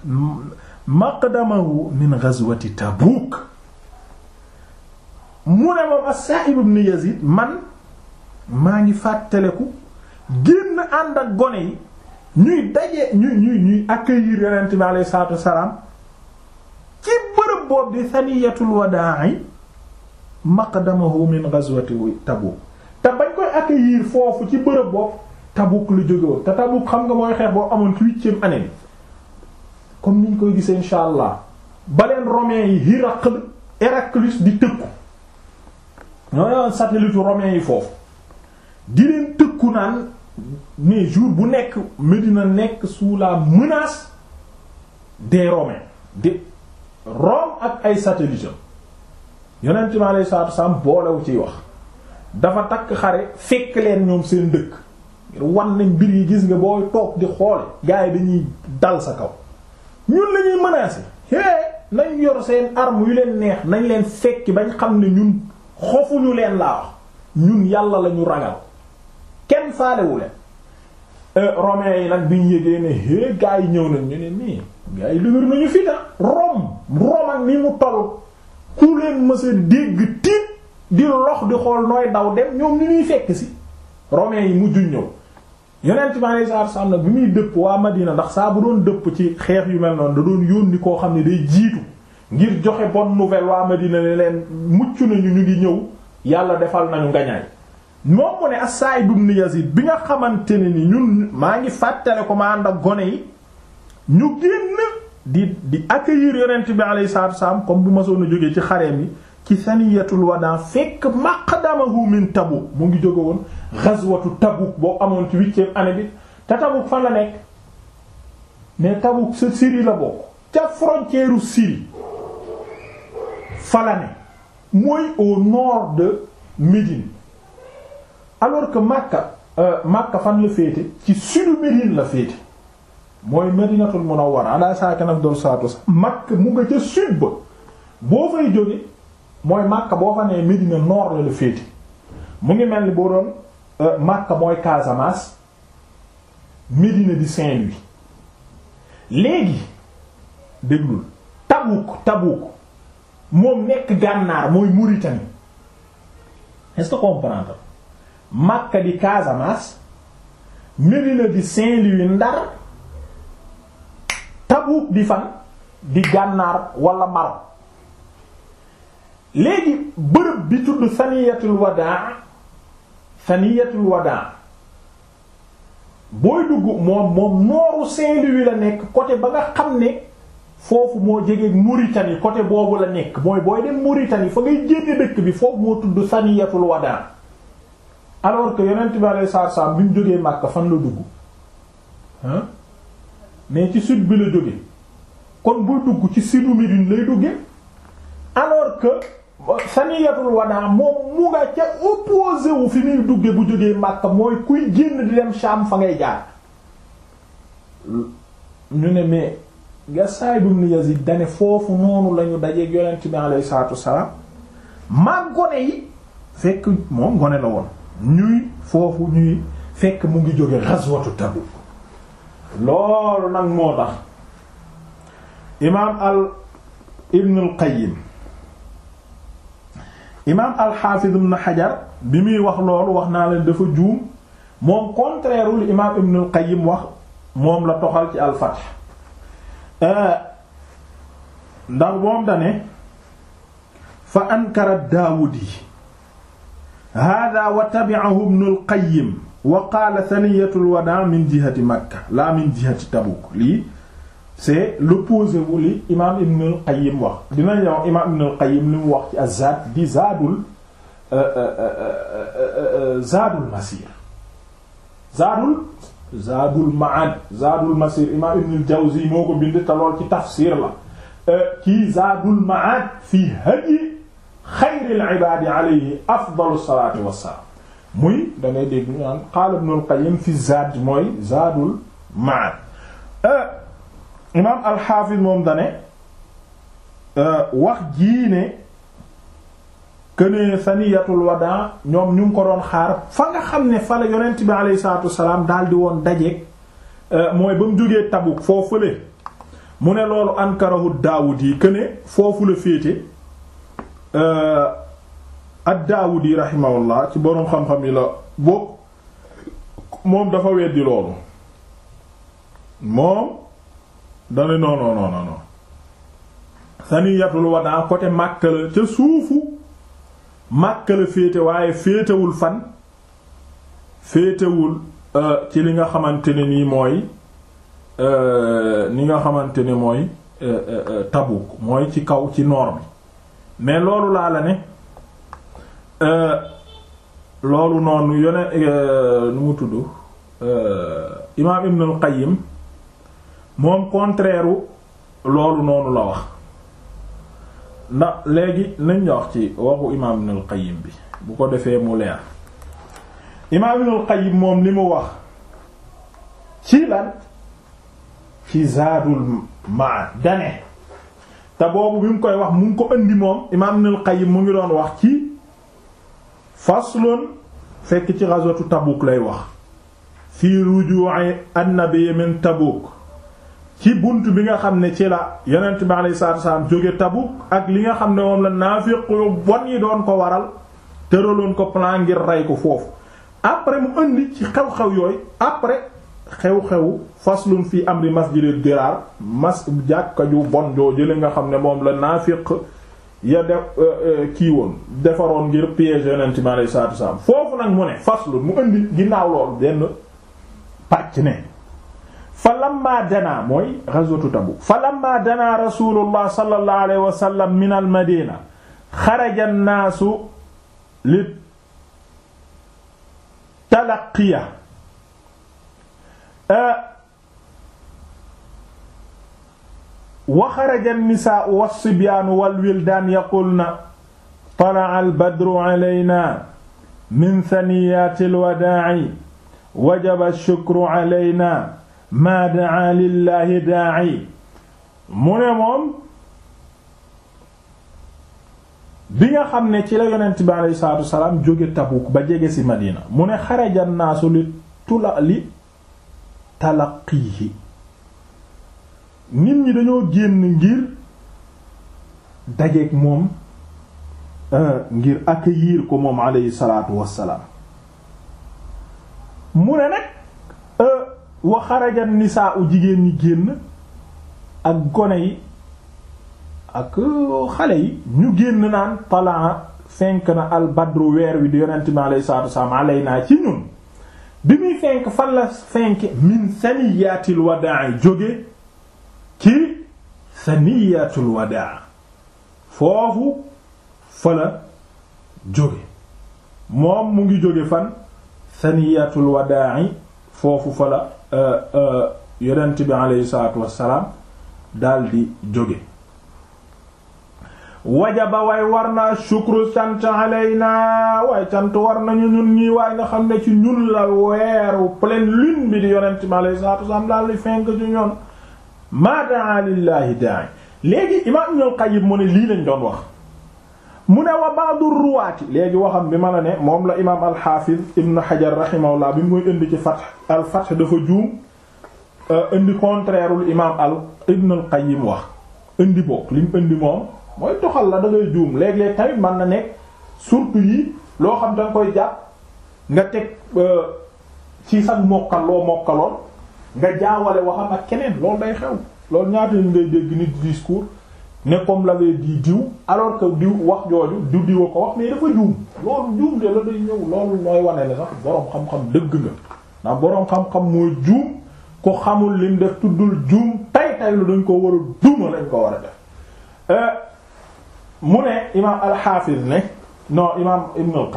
Speaker 1: maqdamahu min ghazwati Tabuuk mu ne moom as-Saa'ib ibn Yaziid man maa ngi fàttaleku génn ànd ak gone yi ñuy daje ñuy ñuy ñuy accueillir Yonent bi alayhi salaatu wa salaam ci bërëb boobu di thaniyatul wadaa'i maqdamahu min ghazwati Tabuk te bañ koy accueillir foofu ci bërëb boo Tabuk lu jógewoon te Tabuk xam nga mooy xeex boo amoon ci huitième année bi comme niñ koy gisee insha allah baleen romain yi Hiraql Héraclius di tëkku ñoo yoon satellite yi foofu di leen tëkku naan mais jour bu nekk Médina nekk sous la menace des romains de Rome ak ay satellites yeneen mi alayhi salaatu wasalaam boolewu ciy wax dafa takk xare fekk leen ñoom seen dëkk wan nañ mbir yi gis nga boo toog di xool gars yi dañuy dal sa kaw ñun la ñuy hee nañ yor seen arme yu leen neex nañ leen fekki bañ xam ne ñun xofuñu leen laa wax ñun yàlla la ñu ragal kenn faalewu leen euh, romains yi nag biñ yégee ne hee gars yi ñëw nañ ñu ne nii gars yi dëgër nañu fii na Rome Rome ak ni mu tollu ku leen mësa dégg tiit di lox di xool nooy daw dem ñoom ñu ñuy fekk si romain yi mujj ñëw yonent bi alayhi salaatu wasallam muy dëpp waa ndax saa doon dëpp ci xeex yu mel noonu da doon yónni koo xam ne day jiitu ngir joxe bonne nouvelle waa Madina ne leen mucc nañu ñu ngi ñëw yàlla defal nañu ngañaay moom mu ne As-Sa'ib ibn Yazid bi nga xamante ne ni ñun maa ngi fàttale ko ma ànd ak gone yi ñu génn di di accueillir yonent bi alayhi salaatu wassalaam comme bu masoon a jógee ci xareem mi ci saniyatul wadaa fekk maqdamahu min Tabuk mu ngi jóg woon ghazwatu Tabuk boo amoon ci huitième année bi te Tabuk fan la nekk mais Tabuk sa Syrie la bokk ca frontière u fa la ne mooy au nord de Médine alors que Makka euh, Makka fan la féete ci sudu Médine la féete mooy madinatul munawwara ala saakina afdalu salaatu wassalaam makka mu nga ca sud ba boo fay jóge mooy makka boo fa nee medina nord la la féete mu ngi mel ni boo doon euh, makka mooy Casamance medina di Saint-Louis léegi déglul Tabuk Tabuk moom nekk gànnaar mooy Mauritanie est comprendre makka di Casamance medina di Saint-Louis ndar Tabuk bi fan di gànnaar walla Maroc léegi bërëb bi tudd saniyatul wadaa saniyatul wadaa booy dugg moom moom nooru Saint-Louis la nekk côté ba nga xam ne foofu moo jege Mauritanie côté boobu la nekk mooy booy dem Mauritanie fa ngay génne dëkk bi foofu moo tudd saniyatul wadaa alors que yonent bi alayhi salaam bi mu jógee Makka fan la dugg mais ci sud bi la jóge kon boo dugg ci sudu Médine lay dugge alors que saniyatul wadaa moom mu nga ca opposé fi muy duggee bu jógee Makka mooy kuy génn di dem Sham fa ngay jaar ñu ne mais nga saay dum Yazid dane foofu noonu lañu dajeeg yonent bi alayhi salaatu wassalaam mag gone yi fekk moom gone la woon ñuy foofu ñuy fekk mu ngi jóge ghazwatu Tabuk loolu nag moo tax imaam al ibn al imaam al xaafiz ibn xajar bi muy wax loolu wax naa leen dafa juum moom contraire lu imaam ibn al wax moom la toxal ci al fath ndax moom dane fa ankara daawudi hada wa tabi'ahu ibn al wa qaala thaniyatul wadaa min jihati makka la min jihati tabuk lii c'est l'opposé wu li imaam ibn al qayyim wax dinañ la wax imaam ibn al qayyim li mu wax ci azad di zaadul euh, euh, euh, zaadul masir zaadul zaadul maad zaadul masir imaam ibn al jawzi moo ko bind te lool ci tafsir la kii zaadul maad fi hadyi xayril ibaadi alayhi afdalu salaatu wassalaam muy da ngay dégg ñu naan qaala Ibnul Qayyim fi Zaad mooy Zaadul Ma'ad euh, imaam al-Hafiz moom dane euh, wax jii ne kënee saniyatul wadaa ñoom ñu ngi ko doon xaar fa nga xam ne fa la yonent bi alayhi salaatu wassalaam daal di woon dajeek euh, mooy ba mu jógee Tabuk foo fële mu ne loolu ankarahu Daawudi këne foofu la féete ak ad-Daawudi rahimahullah ci boroom xam-xam yi la bokk moom dafa weddi loolu moom dane non non non non saniyatul wadaa côté Makka la ca suufu Makka la féete waaye féetewul fan féetewul euh, ci li nga xamante ne nii mooy euh, ni nga xamante ni mooy euh, Tabuk mooy ci kaw ci noor bi mais loolu laa la ne Euh, loolu noonu yone euh, nu mu tudd euh, imaam Ibn al-Qayyim moom contraire loolu noonu la wax ndax léegi nañ wax ci waxu imaam Ibn al-Qayyim bi bu ko defee mu leer imaam Ibn al-Qayyim moom li mu wax ci lan ci Zaadul Ma'ad dane te boobu bi mu koy wax mu ngi ko indi moom imaam Ibn al-Qayyim mu ngi doon wax ci faslun fekk ci ghazwatu Tabuk lay wax fii ruju'i annabi min Tabuk ci bunt bi nga xam ne ci la yonent bi alayhi salaatu wasallam jóge Tabuk ak li nga xam ne moom la naafiq yu bon yi doon ko waral tëraloon ko plan ngir rey ko foofu après mu indi ci xew-xew yooyu après xew-xew faslun fii amri masjidil dirar mas jàkka ju bon joo jële nga xam ne moom la naafiq ya def euh, euh, kii woon defaroon ngir piéger yonent mi alayhi salaatu foofu nag mu ne faslu mu indi ginnaaw loolu benn pàcc ne fa lamma dana mooy ghazwatu Tabuk fa lamma dana min al madina xaraja an wa xaraja nisaau walsibyaanu walwildaan yaqulna talaca albadru calayna min saniyaati alwadaaci wajaba alshukru calayna maa dacaa lillaahi daaci mu ne moom bi nga xam ne ci la yonent bi aleyhi salaatu wasalaam jóge Tabuk ba jege ci Madina mu ne xaraja annaasu li tula li talaqiihi nit ñi dañoo génn ngir dajeeg moom euh, ngir ak accueillir ko moom alayhi salaatu wassalaam mu ne nag euh, wa xarajan jigéen ñi génn ak gone yi ak euh, xale yi ñu génn naan talaa fenk na al badru weer wi di yonent mi alayhi salaatu wassalaam alay naa ci ñun bi muy fenk fan la fenk min saniyaatil wadaa jóge ci saniyatul wadaa foofu fa la jóge moom mu ngi jóge fan saniyatul wadaa foofu fa la euh, euh, yonent bi aleyhi salaatu wassalaam daldi jóge wajaba way war naa shukru sant alayna waaye sant war nañu ñun ñii waaye nga xam ne ci ñun la weeru pleine lune bi di yonent bi aleyhi salaatu wassalaam daldi fenk ci ñoon maa daa lillaahi da'i léegi imaam Ibnul Qayyim mu ne lii lañ doon wax mu ne wa ba'du ruwaati léegi waxam bi ma la ne moom la imaam al-Hafiz Ibn Hajar rahimahullah bi mu koy indi ci Fath al-Fath dafa juum euh, indi contraire lu imaam al Ibnul Qayyim wax indi boog li mu indi moom mooy toxal la da juum léeg-léeg tamit mën na nekk surtout yi loo xam da nga koy jàpp nga teg euh, ci sax mokkal loo mokkaloon. nga jaawale waxam ak keneen loolu day xew loolu ñaata nit ngay dégg nit discours ne comme l'avait dit diw alors que diw wax jooju du diwa ko wax mais dafa juum loolu juum de la day ñëw loolu nooy wane la sax boroom xam-xam dëgg nga ndax boroom xam-xam mooy juum ku xamul lim def tuddul juum tay tay lu dañ ko war duuma lañ ko war a def euh, mu ne imaam al-Hafiz ne non imaam Ibn al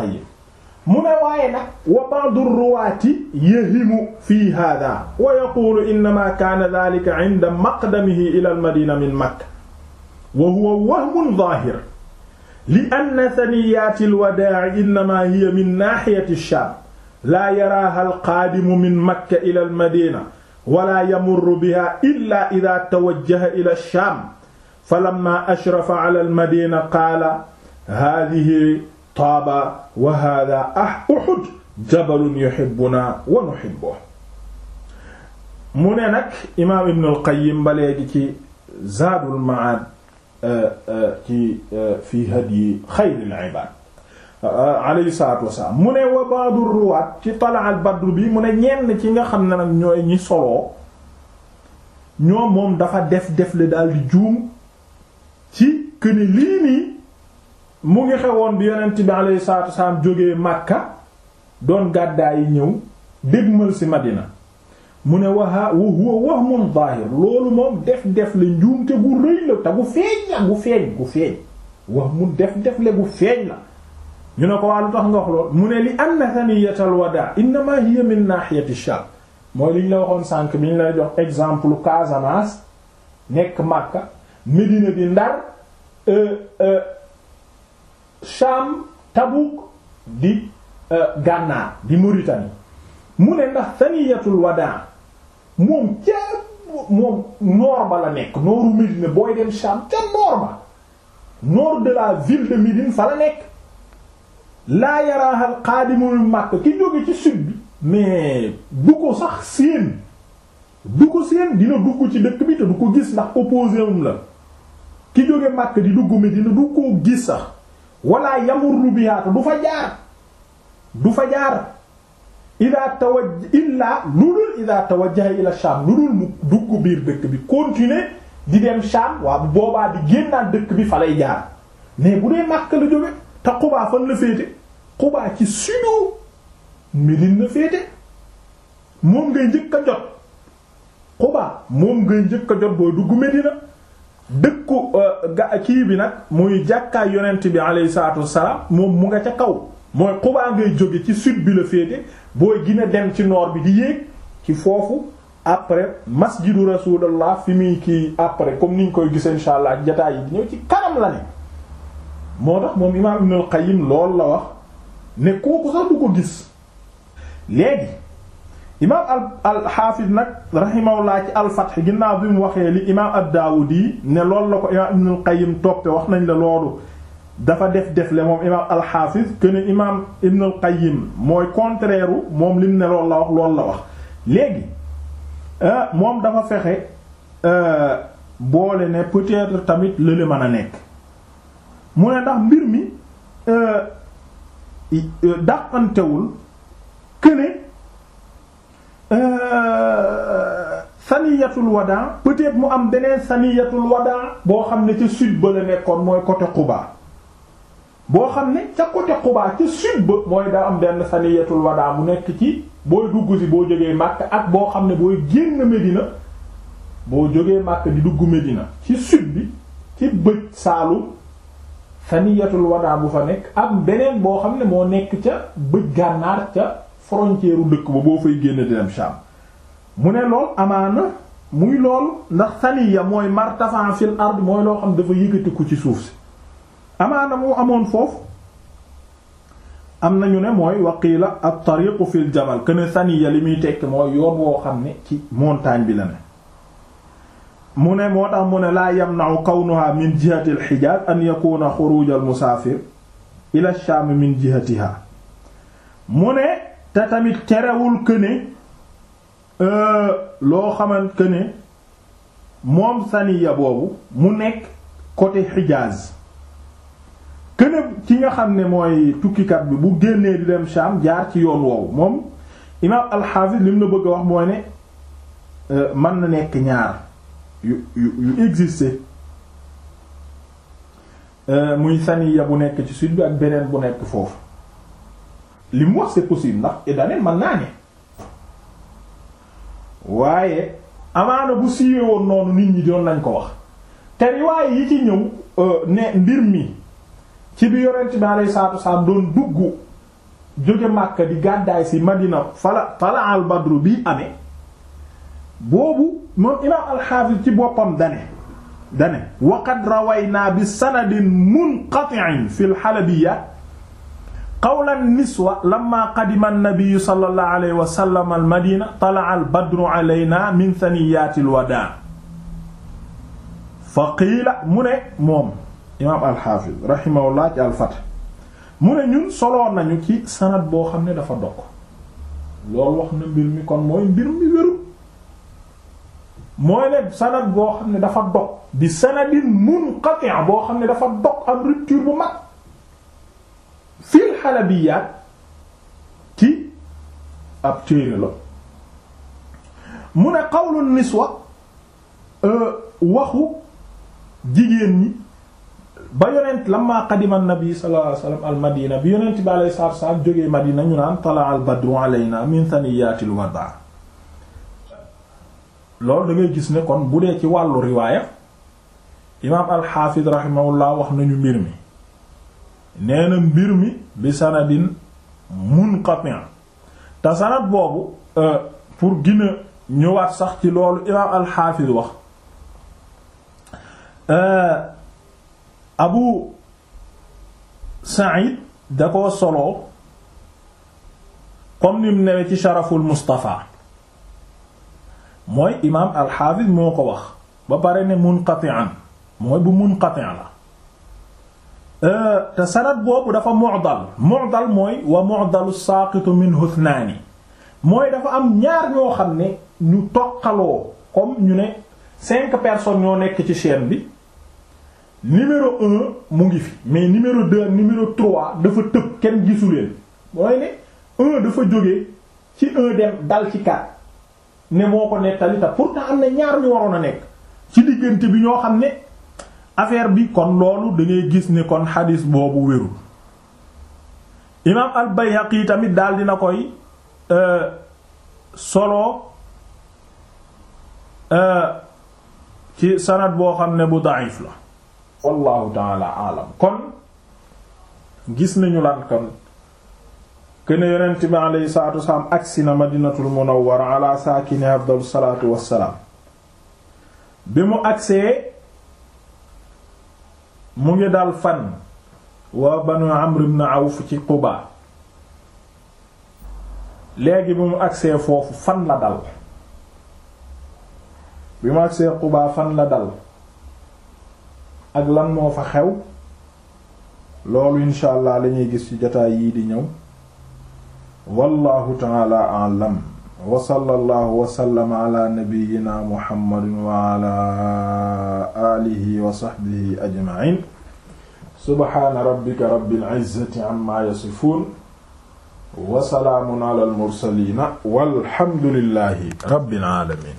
Speaker 1: mu ne waaye nag wa ba'du ruwaati yahimu fii haadaa wa yaqulu innama kaana dhalika 'inda maqdamihi ila al-madina min makka wa huwa wahmun dhaahir li anna thaniyaati al-wadaa'i innama hiya min naahiyati ash-shaam laa yaraaha al-qaadimu min makka ila al-madina wala yamurru biha illa idha tawajjaha ila ash-shaam falamma ashrafa 'ala al-madina qaala haadhihi taaba wa hada ah uhud jabalun yuhibbuna wa nuhibbuhu mu ne nag imaam ibn al-qayyim ba léegi ci zaadul ma'aad euh, euh, ci euh, fi hadyi xayril ibaad alayhi salaatu wasalaam mu ne wa ba'du ruwaat ci tala'al badru bi mu ne ñenn ci nga xam ne nag ñooy ñi soloo ñoom moom dafa def def le daal di juum ci këni lii nii mu ngi xewoon bi yeneen bi alayhi salaatu wasalaam jógee Makka doon gàddaa yi ñëw dégmal ci Madina mu ne waha wa huwa wahmun zaahir loolu moom def def la njuumte gu rëy la te gu feeñ la gu feeñ gu feeñ wahmun def def la gu feeñ la ñu ne ko waa lu tax nga wax lool mu ne li anna thaniyatal wadaa innama hiya min nahiyati shab mooy li ñu la waxoon sànq bi ñu lay jox exemple Casamance nekk Makka Medina di Ndar euh, euh, Sham Tabuk di euh, gànnaar di Mauritanie mu ne ndax saniyatul wadaa moom ca moom noor ba la nekk nooru Médine booy dem Sham ca noor ba nord de la ville de Médine fa la nekk laa yaraaxal xaadimul Makka ki jóge ci sud bi mais bu ko sax séen du ko séen dina dugg ci dëkk bi te du ko gis ndax opposé um la ki jóge Makka di dugg Médine du ko gis sax wala yamurru bihaata du fa jaar du fa jaar ida tawaj illaa lu dul ida tawajjaha ila Sham lu dul mu dugg biir dëkk bi continuer di dem Sham waa bu boobaa di génnaan dëkk bi fa lay jaar mais bu dee Makka la jóge te Quba fan la féete Quba ci sudu Médine la féete moom ngay njëkk a jot Quba moom ngay njëkk a jot boo dugg Médina dëkku euh, ga kii bi nag muy jàkkaay yonent bi alayhi salaatu wassalaam moom mu nga ca kaw mooy xubaa ngay jóge ci sud bi la féete booy gën dem ci noor bi di yéeg ci foofu après masjidu rasulullah fi muy kii après comme niñ koy gis insha allah ak jataay yi ñëw ci kanam la ne moo tax moom imaam Ibn al-Qayyim loolu la wax ne kooku sax du ko gis léegi imaam al al xaafis nag rahimahullah ci alfath ginnaaw bi mu waxee li imaam ad-Daawudi ne loolu la ko imaam Ibnul Qayyim toppe wax nañ la loolu dafa def defle moom imaam al xaafis que imaam Ibnul Qayyim mooy contraire moom lim ne loolu la wax loolu la wax. léegi euh, moom dafa fexe euh, boole ne peut-être tamit lële mën a nekk mu ne ndax mbir mi euh, dàqantewul que Euh, saniyatul wadaa peut-être mu am beneen saniyatul wadaa boo xam ne ca sut ba la nekkoon mooy côté Quba boo xam ne ca côté Quba ca sud ba mooy daa am benn saniyatul wadaa mu nekk ci booy dugg si boo jógee Makka ak boo xam ne booy génn Medina boo jógee Makka di dugg Medina ci sud bi ci bëj saalum saniyatul wadaa bu fa nekk ak beneen boo xam ne moo nekk ca bëj gànnaar ca frontière u dëkk ba boo fay génn dem Sham mu ne lool amaana muy lool ndax saniya mooy martafan fil ard mooy loo xam dafa yëkkatiku ci suuf si amaana moo amoon foofu am nañu ne mooy waqila at tariqu fil jamal que ne saniya li muy tekk mooy yoon woo xam ne ci montagne bi la ne mu ne moo tax mu ne laa yamna'u kawnuha min jihati al hijaz an yakuna xuruj al musafir min jihatiha mu ne te tamit terewul que ne euh, loo xamante que ne moom saniya boobu mu nekk côté Hijaz que ne ci nga xam ne mooy tukkikat bi bu génnee di jaar ci yoon woowu moom imaam al li mu la bëgg a wax mooy ne euh, mën na nekk ñaar yu yu yu existé euh, muy saniya bu nekk ci sud bi ak beneen bu nekk foofu. li mu wax c'est possible ndax dane mën naa ne waaye amaana bu siiwee woon noonu nit ñi doon nañ ko wax te riwaay yi ci ñëw euh, ne mbir mi ci bi yonent bi alayhi salaatu wasalaam doon dugg jóge Makka di gàddaay si Madina fala tala al badru bi amee boobu moom imaam alxaafis ci boppam dane dane waqad rawaynaa bi sanadin munqati'in fil halabiyya qawlan niswa lamma qadima annabiyu sallallahu alayhi wa sallam al madina tala'a al badru alayna min thaniyatil wadaa fa qiila mu ne moom imaam alxaafiz rahimahullah ci alfath mu ne ñun soloon nañu ci sanad boo xam ne dafa dokk loolu wax na mbir mi kon mooy mbir mi wérul mooy ne sanad boo xam ne dafa dokk di sanadin munqati' boo xam ne dafa dokk am rupture bu mag fil xalabiyaat ci ab téere la mu ne qawlu niswa euh, waxu jigéen ñi ba yonent lamma qadima an-nabi sallallahu alayhi wasallam al-madina bi yonent bi alayhi salaatu wasallam jógee madina ñu naan tala'a al-badru alayna min thaniyaati al-wadaa loolu da ngay gis ne kon bu dee ci wàllu riwaaya imaam al-Hafiz rahimahullah wax nañu mbir mi nee mbir mi bi sanadin munqati' te sanad boobu euh, pour gën a ñëwaat sax ci loolu imaam alxaafis wax euh, abu Saïd da koo soloo comme ni mu newee ci sharaful Mustafa mooy imaam alxaafis moo ko wax ba pare ne munqati'an mooy bu munqati' la Euh, te sanad boobu dafa mu'dal mu'dal mooy wa mu'dalu saaqitu minhu ithnaani mooy dafa am ñaar ñoo xam ne ñu toqaloo comme ñu ne cinq personnes ñoo nekk ci chaîne bi numéro un mu ngi fi mais numéro deux numéro trois dafa tëb kenn gisu leen mooy ne un dafa jóge ci un dem dal ci quatre ne moo ko nettali te pourtant am na ñaar ñu waroon a nekk ci diggante bi ñoo xam ne. affaire bi kon loolu da gis ni kon xadis boobu wérul imaam al-Bayhaqi tamit daal dina koy euh, solo euh, ci sanad boo xam ne bu da'if la wallahu taala alam kon gis nañu lan kon kene yonent bi alayhi salatu wasalaam agsi na madinatul munawwara ala saakini afdalu bi mu agsee mu ngi dal fan waa banu amr ibn awf ci qubaa léegi bi mu agsee foofu fan la dal bi mu agsee qubaa fan la dal ak lan moo fa xew loolu insha lañuy gis ci jotaay yii di ñëw wallahu taala alam wa sallallahu wa sallama ala nabiyyina muhammadin wa ala alihi wa sahbihi ajma'in subhaana rabbika rabbil izzati amma yasifun wa salaamun ala al mursalina walhamdulillahi rabbil alamin